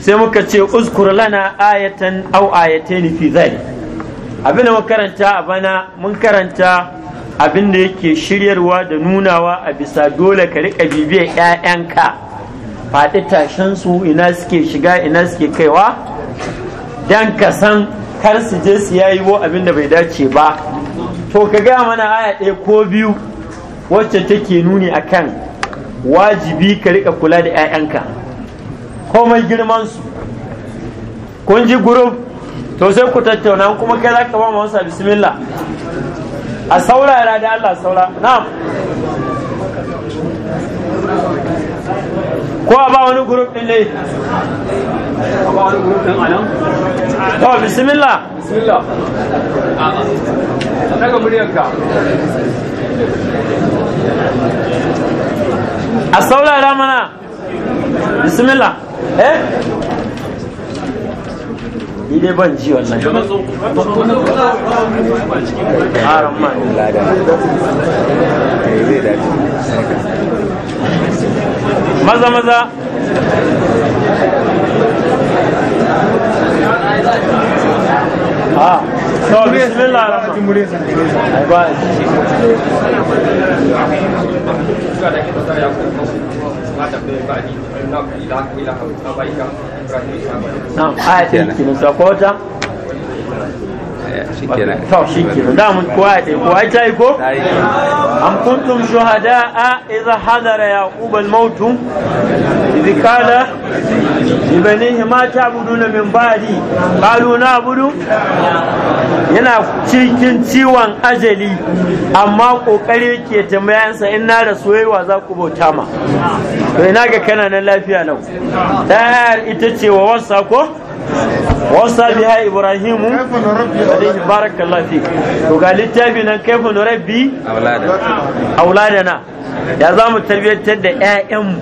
sai muka ce uzkur lana ayatan aw ayatayn fi zalik abin da karanta a bana mun karanta abin da yake shiryarwa da nunawa a bisa dole ka riƙa bibiyar 'ya'yanka faɗi tashen ina suke shiga ina suke kaiwa dan ka san kar su je su yayi wo abin da bai dace ba to ka gaya mana aya ɗaya ko biyu wacce take nuni akan wajibi ka rika kula da 'ya'yanka komai girman su kun ji guruf to sai ku tattauna kuma kai za ka ba mu bismillah a saurara da Allah saura na'am ko a ba wani group din ne a ba wani group din to bismillah bismillah daga muryarka a saurara mana bismillah eh ni ban ji wannan haram ma maza maza a ah. to bismillah na'am ayatin kin shikenan to shikenan da mun kowa ya kowa ta yi ko am kuntum shuhada'a idza hadara yaqub al-maut idh qala ibanihi ma ta'buduna min ba'di qalu yana cikin ciwon ajali amma kokari ke tambayansa in na da soyayya za ku bauta ma to ina ga lafiya lau da ita ce wa wasa ko wasa biha ibrahimu alaihi barakallahu fi to ga littafi nan kaifa nurabbi auladana ya za mu tarbiyyantar da ƴaƴanmu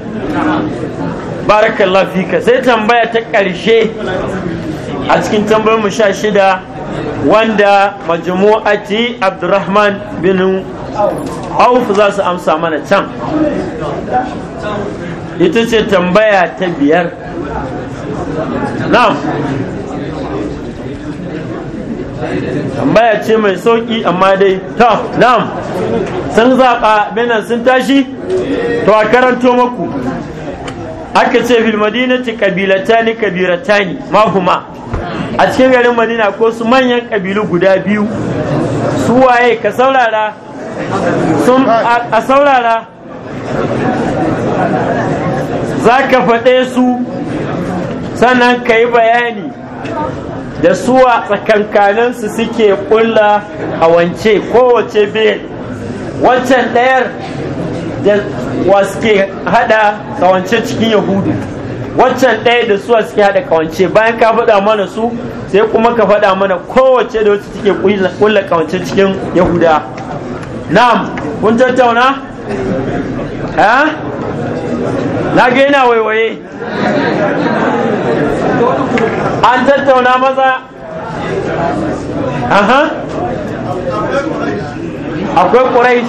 barakallahu fika sai tambaya ta ƙarshe a cikin tambayar mu sha shida wanda majmu'ati abdurrahman bin auf za su amsa mana can ita ce tambaya ta biyar na'am tambaya ce mai sauki amma dai ta na'am sun zaɓa benin sun tashi to a karanto maku aka ce fil madinati kabilatani kabiratani ma a cikin garin madina ko su manyan kabilu guda biyu su waye ka saurara sun a saurara za ka faɗe su sannan ka yi bayani da suwa tsakankaninsu suke kulla a wance kowace bel wancan ɗayar da waske hada kawance cikin yahudu wancan ɗaya da suwa suke hada kawance bayan ka faɗa mana su sai kuma ka faɗa mana kowace da wacce suke kulla kawance cikin yahuda na'am kun tattauna ha na ga yana waiwaye an tattauna maza aha akwai kurai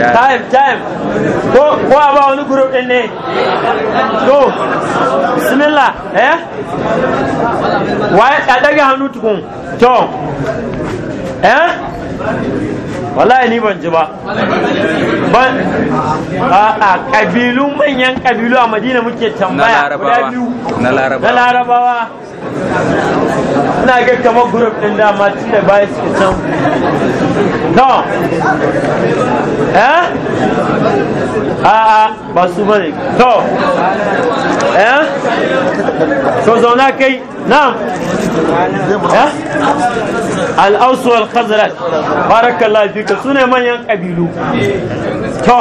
time time time ko ko a ba wani group din ne to bismillah eh wai a daga hannu tukun to eh wallahi ni ban ji ba ban a kabilu manyan kabilu a madina muke tambaya guda biyu na larabawa na ga kamar group din dama tun da baya suke can no eh a a ba su bane to eh so zauna kai na eh al'ausu wal baraka barakallahu fika sune manyan kabilu to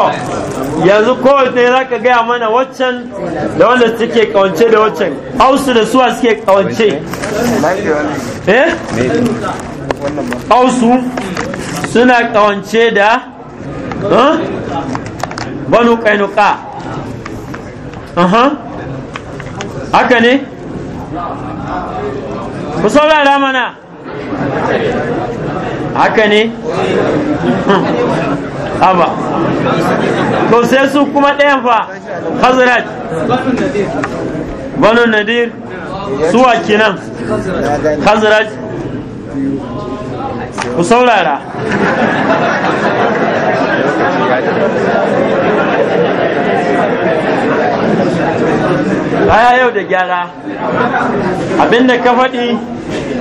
yanzu kowace za ka gaya mana waccan da wanda suke kawance da waccan ausu da suwa suke kawance eh ausu suna kawance da banu kainuka haka ne ku saurara mana haka ne haba to sai su kuma ɗayan fa hazrat banu nadir suwa nan hazrat ku saurara baya yau da gyara abinda ka faɗi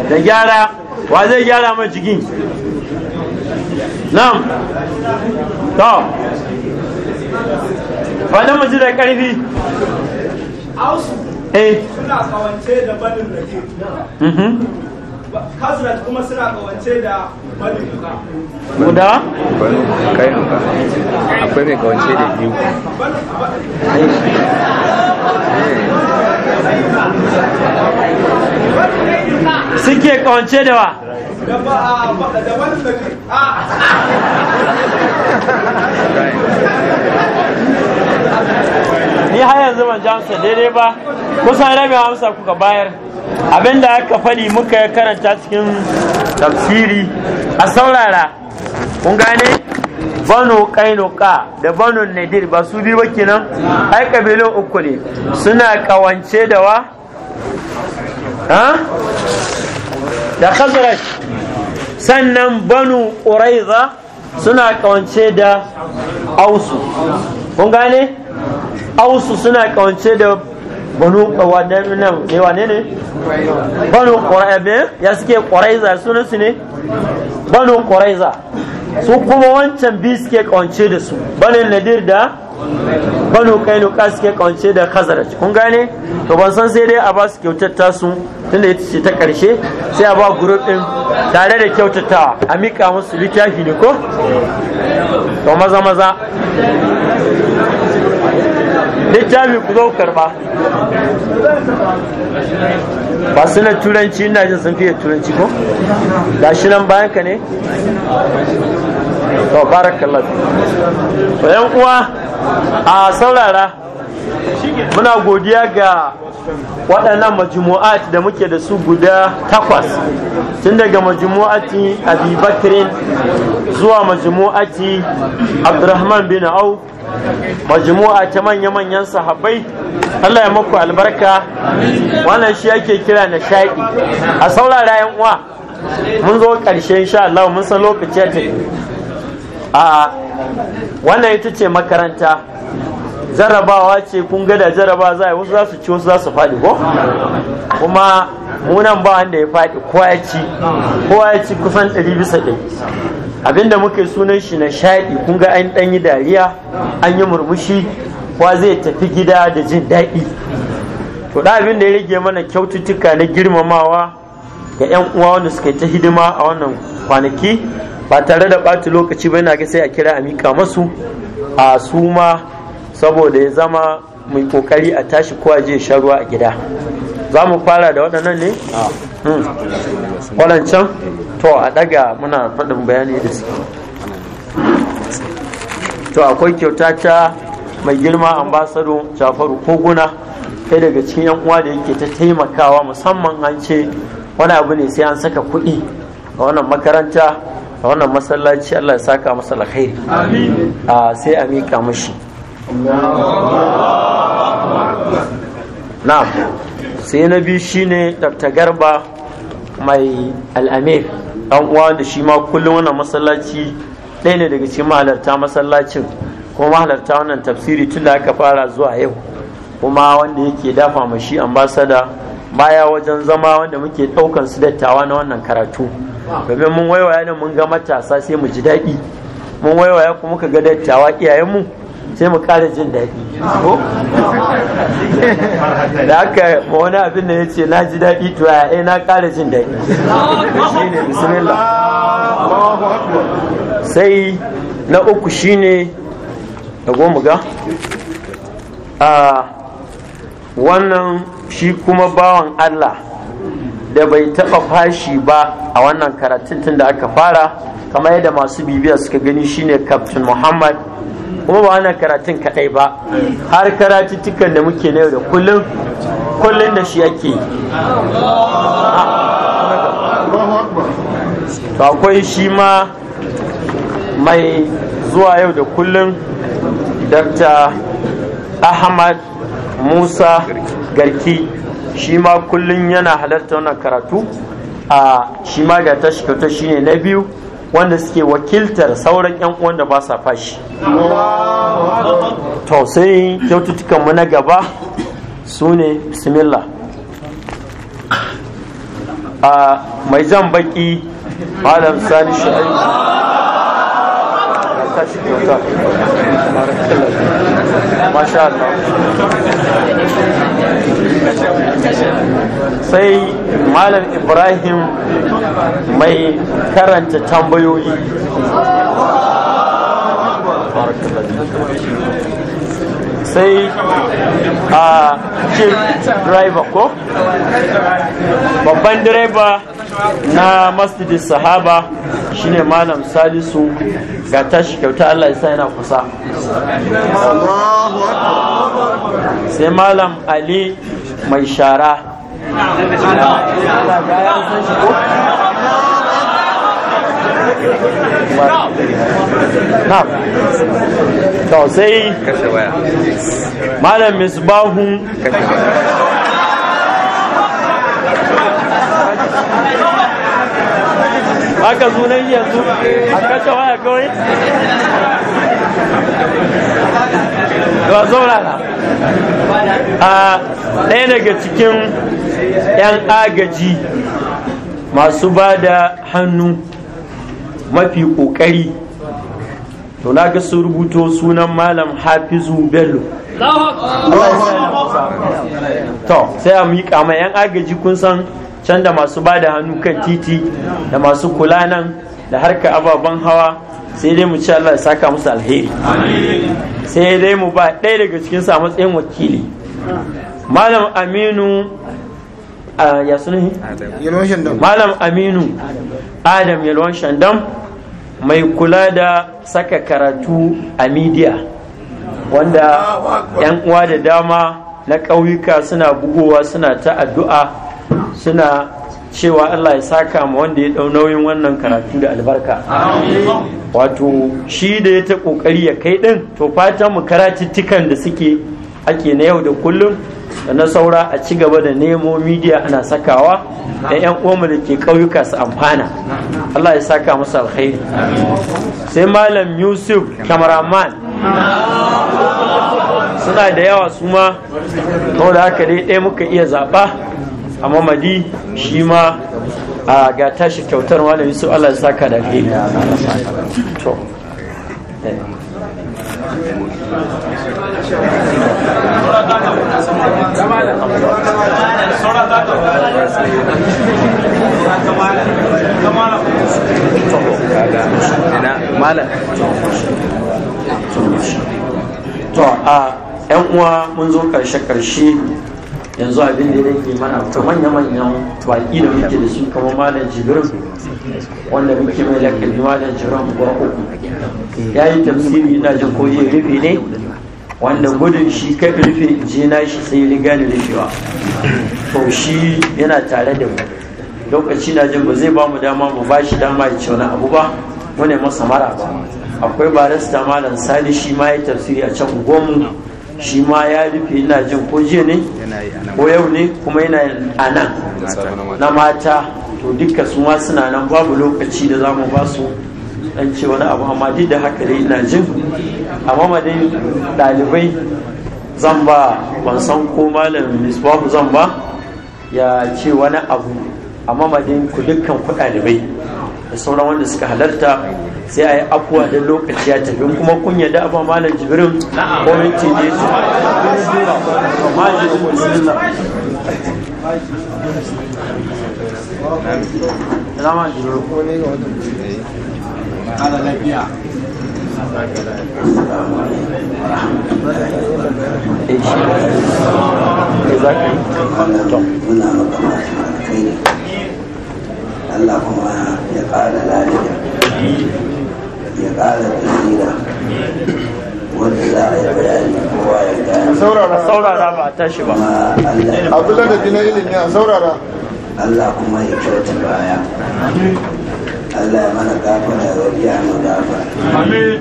da gyara wa zai gyara mai jikin Nan. to fadin mu ji da karfi eh suna kawance da banin rake mhm. hazrat kuma suna kawance da banin duka guda? banin kai nuka akwai mai kawance da biyu suke kwance da wa ni har yanzu ban jamsa daidai ba kusan rabin amsa kuka bayar abinda aka faɗi muka karanta cikin tafsiri a saurara kun gane banu kainuka da banu nadir ba su biyu ba kenan ai kabilun uku ne suna kawance da wa ha da khazraj sannan banu ƙuraiza suna kawance da ausu kun gane ausu suna kawance da banu ne wane ne banu ƙuraiza ya suke ƙuraiza sunansu ne banu ƙuraiza su kuma wancan biyu suke kwance da su banin nadir da banu kainuka suke kwance da khazaraj kun gane to ban san sai dai a ba su kyautata su tunda ita ce ta karshe sai a ba group din tare da kyautatawa a mika musu littafi ne ko to maza maza littafi ku zo karba ba su na turanci ina jin sun fiye turanci ko ga shi nan bayan ka ne to barakallah bayan uwa a saurara muna godiya ga waɗannan majmu'at da muke da su guda takwas tun daga majmu'ati bakirin zuwa majmu'ati abdurrahman bin au. majmu'a ta manya-manyan sahabbai Allah ya muku albarka wannan shi ake kira na shaƙi a saurara yan uwa mun zo ƙarshe insha Allah mun san lokaci ta a wannan ita ce makaranta jarabawa ce kun ga da jarabawa za a wasu za su ci wasu za su faɗi ko kuma munan ba wanda ya faɗi ko ya ci ko ya ci kusan ɗari bisa ɗari abinda muke sunan shi na shaɗi kun ga an ɗan yi dariya an yi murmushi kwa zai tafi gida da jin daɗi to da abin ya rage mana kyaututtuka na girmamawa ga 'yan uwa wanda suka ta hidima a wannan kwanaki ba tare da ɓata lokaci ba yana ga sai a kira a mika masu a suma. saboda ya zama mai kokari a tashi kowa je shan ruwa a gida za mu fara da waɗannan ne ah. hmm. Wadancan, to a ɗaga muna faɗin bayani da su to akwai kyauta ta mai girma ambasado jafaru koguna kai daga cikin yan uwa da yake ta taimakawa musamman an ce wani abu ne sai an saka kuɗi a wannan makaranta a wannan masallaci allah ya saka masa alkhairi ah, sai a miƙa mashi na'am sai na biyu shine dr garba mai al'amir dan uwa da shi ma kullum wannan masallaci ɗaya ne daga cikin mahalarta masallacin kuma mahalarta wannan tafsiri tun da aka fara zuwa yau kuma wanda yake dafa ma shi ambasada baya wajen zama wanda muke ɗaukan su dattawa na wannan karatu domin mun waiwaya ne mun ga matasa sai mu ji daɗi mun waiwaya kuma muka ga dattawa iyayenmu sai mu kare jin daɗi ko da aka ma wani abin da ya ce na ji daɗi to ya yi eh, na kare jin daɗi sai na uku shine da goma ga a wannan shi kuma bawan Allah da bai taɓa fashi ba a wannan karatun tun da aka fara kamar yadda masu bibiya suka gani shine captain muhammad kuma ba wannan karatun kadai ba har karatuttukan da muke na yau da kullum kullum da shi yake to akwai shi ma mai zuwa yau da kullum dr ahmad musa garki shi ma kullum yana halarta wannan karatu a shi ma ga tashi kyauta ne na biyu wanda suke wakiltar sauran yan uwan da ba sa fashi to sai kyaututtukan mu na gaba su ne bismillah a mai zan baki malam sani shi'ai masha sai malam ibrahim mai karanta tambayoyi sai a cikin driver ko babban direba na masjidin sahaba shine malam salisu ga tashi kyauta allah isa yana kusa sai malam ali mai shara na to sai kashe waya malam misbahun kashe sunan yanzu a kashe waya kawai ba zaurara a ɗaya daga cikin 'yan agaji masu ba da hannu mafi ƙoƙari to na ga sun rubuto sunan malam hafizu bello to sai a miƙa ma 'yan agaji kun san can da masu ba da hannu kan titi da masu kula nan da harka ababen hawa sai dai mu ci Allah ya saka musu alheri sai dai mu ba ɗaya daga cikin samu matsayin wakili malam aminu malam aminu adam yalwan shandam mai kula da saka karatu a midiya wanda yan uwa da dama na ƙauyuka suna bugowa suna ta addu'a suna cewa Allah ya saka ma wanda ya dau nauyin wannan karatu da albarka wato shi da ya ta ƙoƙari ya kai ɗin to fatan mu karatuttukan da suke ake na yau da kullum na saura a ci gaba da nemo midiya ana sakawa da 'yan uwanmu da ke ƙauyuka su amfana Allah ya saka musu alkhairi sai malam yusuf kamaraman suna da yawa su ma da haka dai ɗaya muka iya zaɓa a mamadi shi ma a ga tashi kyautar malam yusuf Allah ya saka da alkhairi to yan uwa mun zo karshe-karshe yanzu abin da yake mana ta manya-manyan baki da muke da su kamar malam jibrin wanda muke mai lakabi malam jibrin guwa uku ya yi tafsiri na jin ko rufe ne wanda gudun shi kai rufe jina shi sai riga da rufewa to shi yana tare da mu lokaci na jin ba zai ba mu dama mu ba shi dama ya ce wani abu ba ne masa mara ba akwai rasta malam sani shi ma ya tafsiri a can gomu shi ma ya rufe ina jin ko jiya ne ko yau ne kuma yana a nan na mata to duka su ma suna nan babu lokaci da za mu ba su dan ce wani abu amma duk da haka dai ina jin amma ma dai ɗalibai zan ba ban san ko malam misbahu zan ba ya ce wani abu amma ma dai ku dukkan ku ɗalibai da sauran wanda suka halarta sai a yi afuwa da lokaci ya tafi kuma kun yadda abin malam jibirin ko minti ne su Zama jibirin. Ana lafiya. Allah kuma ya ƙara lafiya ya ƙara basira wanda za a yi bayani kowa ya gane saurara saurara ba tashi ba abdullahi da dina ilimi a saurara Allah kuma ya kyauta baya Allah ya mana gafara ya wariya mu gafara amin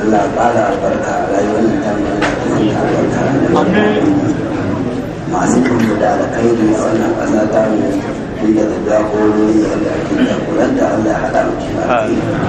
Allah ya ƙara albarka a rayuwar da mu Allah ya albarka amin masu kuma da alkhairi a wannan ƙasa ta mu inda da jagorori wanda ake jagoranta Allah ya haɗa mu cikin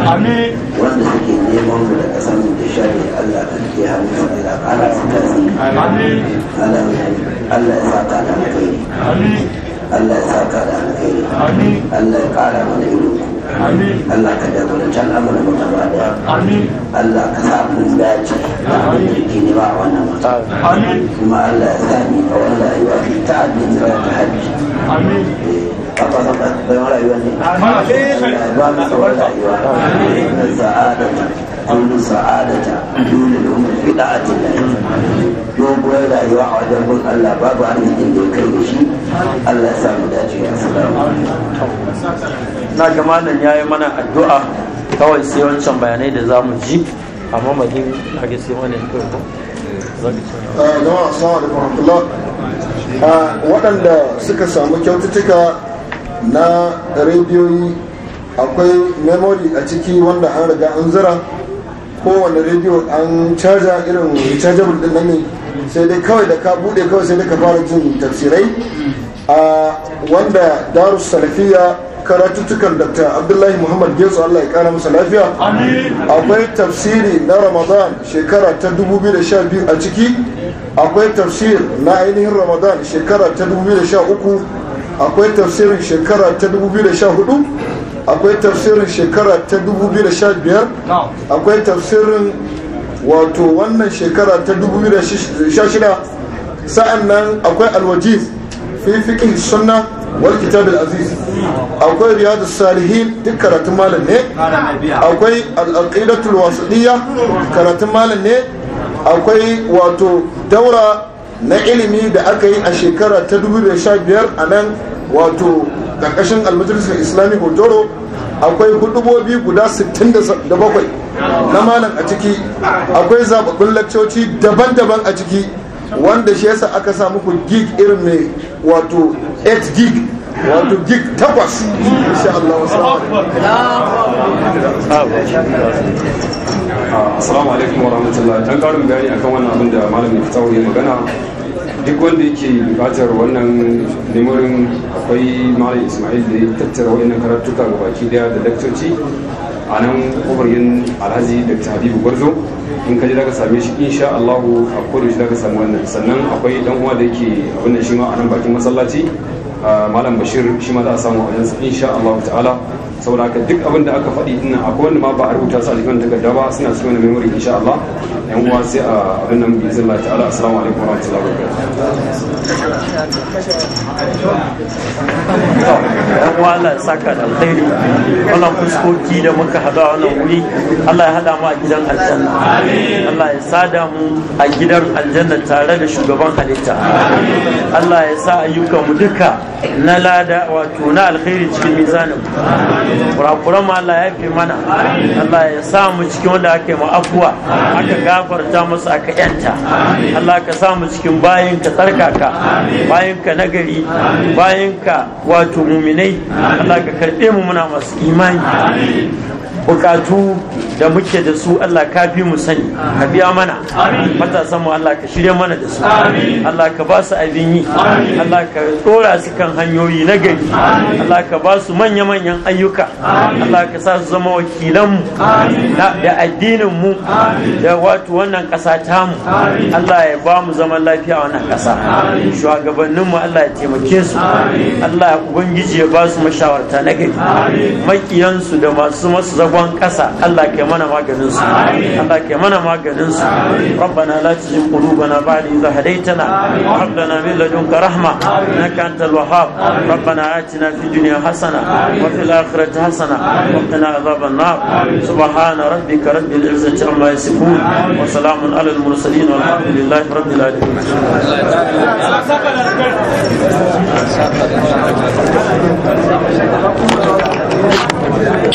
amin wanda suke neman mu da ƙasar mu da shari Allah ka ke hannu da ya ƙara su tasiri amin Allah ya sa ta da alkhairi amin Allah ya sa ta da alkhairi amin Allah ya ƙara mana ilimin Allah ka jagoranci al'amuran mu gaba daya Allah ka sa mun dace da abin da ke nema a Amin. wata kuma Allah ya sa a wannan rayuwa ke ta addini da ta hajji Apa sama bayar rayuwa ne? Ba mu tsawon rayuwa. Na sa'ada kullu sa'adata dole da umar fida a cikin doguwar rayuwa a wajen bin Allah babu arzikin da ya kai shi Allah ya samu dace assalamu alaikum na ga malam ya yi mana addu'a kawai sai wancan bayanai da za mu ji amma madin na ga sai wani kawai ko ah, jama'a assalamu alaikum a ah, waɗanda suka samu kyaututtuka na rediyoyi akwai memory a ciki wanda an riga an zira kowane rediyo an caja irin rechargeable din nan ne sai dai kawai da ka bude kawai sai dai ka fara jin tafsirai a ah, wanda darus salafiya karatuttukan dr abdullahi muhammad getso allah ya kara masa lafiya akwai tafsiri na ramadan shekara ta 2012 a ciki akwai tafsir na ainihin ramadan shekara ta 2013 akwai tafsirin shekara ta 2014 akwai tafsirin shekara ta 2015 akwai tafsirin wato wannan shekara ta 2016 sa'an nan akwai alwajiz fifikin sunna wal kitab al aziz akwai riyadus salihin duk karatun malam ne akwai al aqidatul wasatiyya karatun malam ne akwai wato daura na ilimi da aka yi a shekara ta 2015 a nan wato ƙarƙashin almajalisar islami hotoro akwai hudubobi guda 67 na malam a ciki akwai zababbin lakcoci daban-daban a ciki wanda shi yasa aka sa muku gig irin mai wato 8 gig wato gig takwas insha Allah assalamu alaikum wa rahmatullah dan karin bayani akan wannan abin da malamin fitawo ya magana duk wanda yake bukatar wannan limurin akwai malam ismail da ya tattara wayannan karatuka ga baki daya da daktoci a nan yin alhaji da habibu gwarzo in ka je zaka same shi insha Allah a kodin shi zaka samu wannan sannan akwai dan uwa da yake abin da shi ma a nan bakin masallaci malam bashir shi ma za a samu a insha Allah ta'ala sauraka duk abin da aka faɗi ina akwai wanda ma ba a rubuta su a cikin takarda ba suna cikin wani memory insha Allah yan uwa sai a abin nan bi zan ta ala assalamu alaikum wa rahmatullahi wa barakatuh yan uwa Allah saka da alheri wannan fuskoki da muka hada wannan wuri Allah ya hada mu a gidan aljanna Allah ya sada mu a gidan aljanna tare da shugaban halitta Allah ya sa ayyukan mu duka na lada wato na alheri cikin mizanin kurakuran Allah ya fi mana Allah ya sa mu cikin wanda aka yi mu afuwa aka gafarta musu aka yanta Allah ka sa mu cikin bayan ka tsarkaka bayan ka nagari bayan ka wato muminai Allah ka karbe mu muna masu imani bukatu da muke da su Allah ka fi mu sani ka biya mana matasan mu Allah ka shirya mana da su Allah ka ba su abin yi Allah ka dora su kan hanyoyi na gari Allah ka ba su manya-manyan ayyuka Allah ka sa su zama wakilan mu da addinin mu da wato wannan kasa ta mu Allah ya ba mu zaman lafiya wannan kasa shugabannin mu Allah ya taimake su Allah ubangiji ya ba su mashawarta na gari makiyansu da masu masu zama zagon kasa Allah ke mana maganin su Allah ke mana maganin su rabbana la tuzigh qulubana ba'da idh hadaytana wa hab lana min ladunka rahma innaka antal wahhab rabbana atina fid dunya hasana wa fil akhirati hasana wa qina adhaban nar subhana rabbika rabbil izzati amma